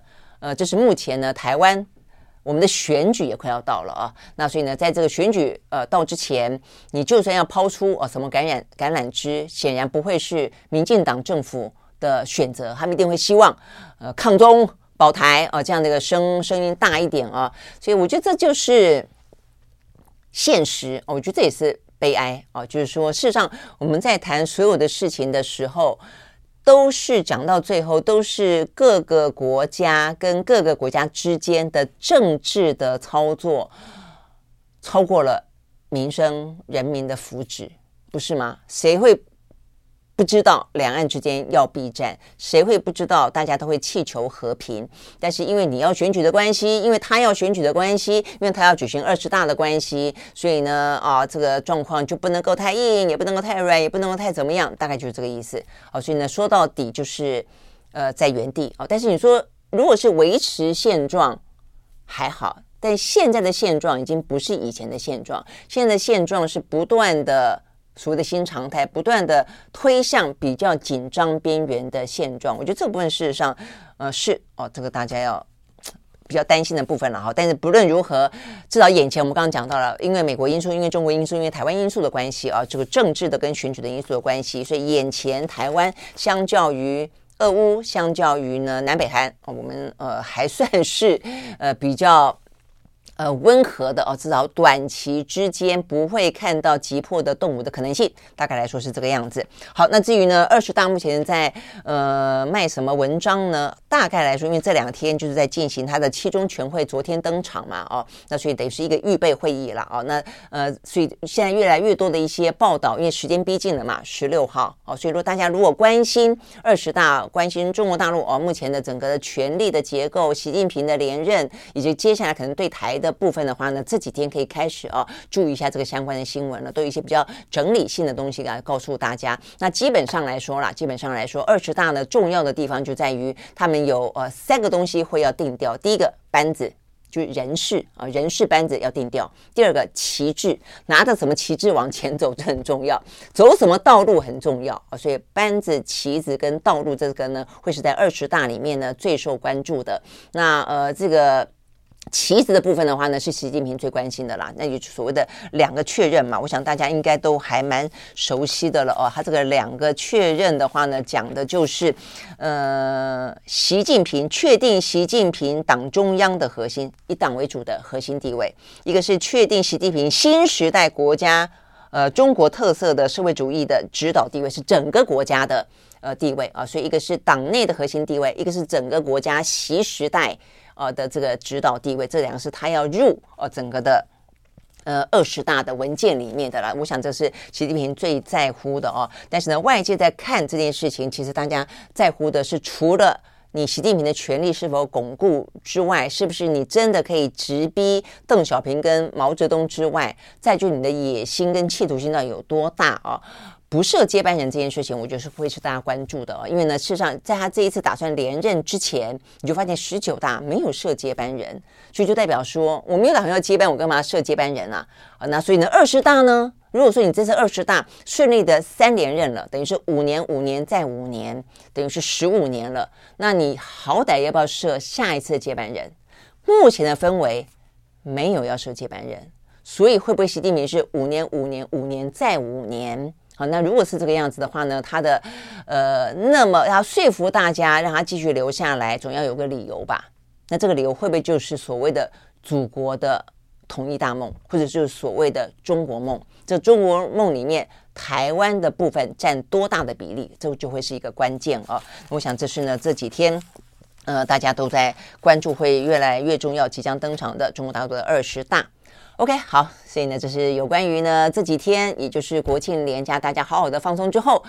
呃，這、就是目前呢台灣我們的選舉也快要到了啊，那所以呢，在這個選舉呃到之前，你就算要拋出呃什麼橄欖橄欖枝，顯然不會是民進黨政府的選擇，他們一定會希望呃抗中保台啊，呃，這樣的一個聲聲音大一點啊，所以我覺得這就是現實，呃，我覺得這也是悲哀啊，呃，就是說事實上我們在談所有的事情的時候。都是講到最後，都是各個國家跟各個國家之間的政治的操作，超過了民生、人民的福祉，不是嗎？誰會？不知道兩岸之間要避戰，誰會不知道？大家都會祈求和平。但是因為你要選舉的關係，因為他要選舉的關係，因為他要舉行二十大的關係，所以呢，啊，這個狀況就不能夠太硬，也不能夠太軟，也不能夠太怎麼樣，大概就是這個意思。好、啊，所以呢，說到底就是，呃，在原地。哦、啊，但是你說如果是維持現狀還好，但現在的現狀已經不是以前的現狀，現在的現狀是不斷的。所謂的新常態，不斷的推向比較緊張邊緣的現狀，我覺得這部分事實上，呃，是哦，這個大家要比較擔心的部分了哈。但是不論如何，至少眼前我們剛剛講到了，因為美國因素、因為中國因素、因為台灣因素的關係啊，這個政治的跟選舉的因素的關係，所以眼前台灣相較於俄烏，相較於呢南北韓，哦，我們呃還算是呃比較。呃，溫和的哦，至少短期之間不會看到急迫的動武的可能性，大概來說是這個樣子。好，那至於呢，二十大目前在呃賣什麼文章呢？大概來說，因為這兩天就是在進行他的七中全會，昨天登場嘛，哦，那所以得是一個預備會議了，哦，那呃，所以現在越來越多的一些報道，因為時間逼近了嘛，十六號，哦，所以說大家如果關心二十大，關心中國大陸哦，目前的整個的權力的結構，習近平的連任，以及接下來可能對台的。部分的話呢，這幾天可以開始啊。注意一下這個相關的新聞了，都有一些比較整理性的東西啊，告訴大家。那基本上來說啦，基本上來說，二十大呢重要的地方就在於他們有呃三個東西會要定調。第一個班子就是人事啊、呃，人事班子要定調。第二個旗幟，拿着什麼旗幟往前走這很重要，走什麼道路很重要啊、呃。所以班子、旗幟跟道路這個呢，會是在二十大裡面呢最受關注的。那呃這個。其次的部分的話呢，是習近平最關心的啦。那就所謂的兩個確認嘛，我想大家應該都還蠻熟悉的了哦。他這個兩個確認的話呢，講的就是，呃，習近平確定習近平黨中央的核心，以黨為主的核心地位；一個是確定習近平新時代國家，呃，中國特色的社會主義的指導地位是整個國家的呃地位啊。所以一個是黨內的核心地位，一個是整個國家習時代。啊、呃、的這個指導地位，這兩個是他要入呃整個的呃二十大的文件裡面的了。我想這是習近平最在乎的哦。但是呢，外界在看這件事情，其實大家在乎的是，除了你習近平的權力是否鞏固之外，是不是你真的可以直逼鄧小平跟毛澤東之外，再就你的野心跟企圖心到底有多大啊？不設接班人這件事情，我覺得是會是大家關注的哦，因為呢，事實上在他這一次打算連任之前，你就發現十九大沒有設接班人，所以就代表說我沒有打算要接班，我幹嘛設接班人啊？啊，那所以呢，二十大呢，如果說你這次二十大順利的三連任了，等於是五年五年再五年，等於是十五年了，那你好歹要不要設下一次的接班人？目前的氛圍沒有要設接班人，所以會不會習近平是五年五年五年再五年？啊、那如果是這個樣子的話呢，他的，呃，那麼要說服大家讓他繼續留下來，總要有個理由吧？那這個理由會不會就是所謂的祖國的統一大夢，或者就是所謂的中國夢？這中國夢裡面，台灣的部分佔多大的比例？這就會是一個關鍵哦、啊，我想這是呢這幾天，呃，大家都在關注，會越來越重要，即將登場的中國大陸的二十大。OK，好，所以呢，這是有關於呢這幾天，也就是國慶連假，大家好好的放鬆之後，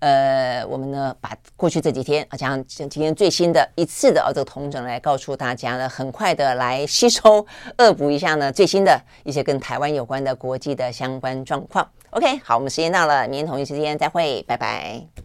呃，我們呢把過去這幾天，加上今天最新的一次的哦這個統整來告訴大家呢，很快的來吸收、惡補一下呢最新的一些跟台灣有關的國際的相關狀況。OK，好，我們時間到了，明天同一時間再會，拜拜。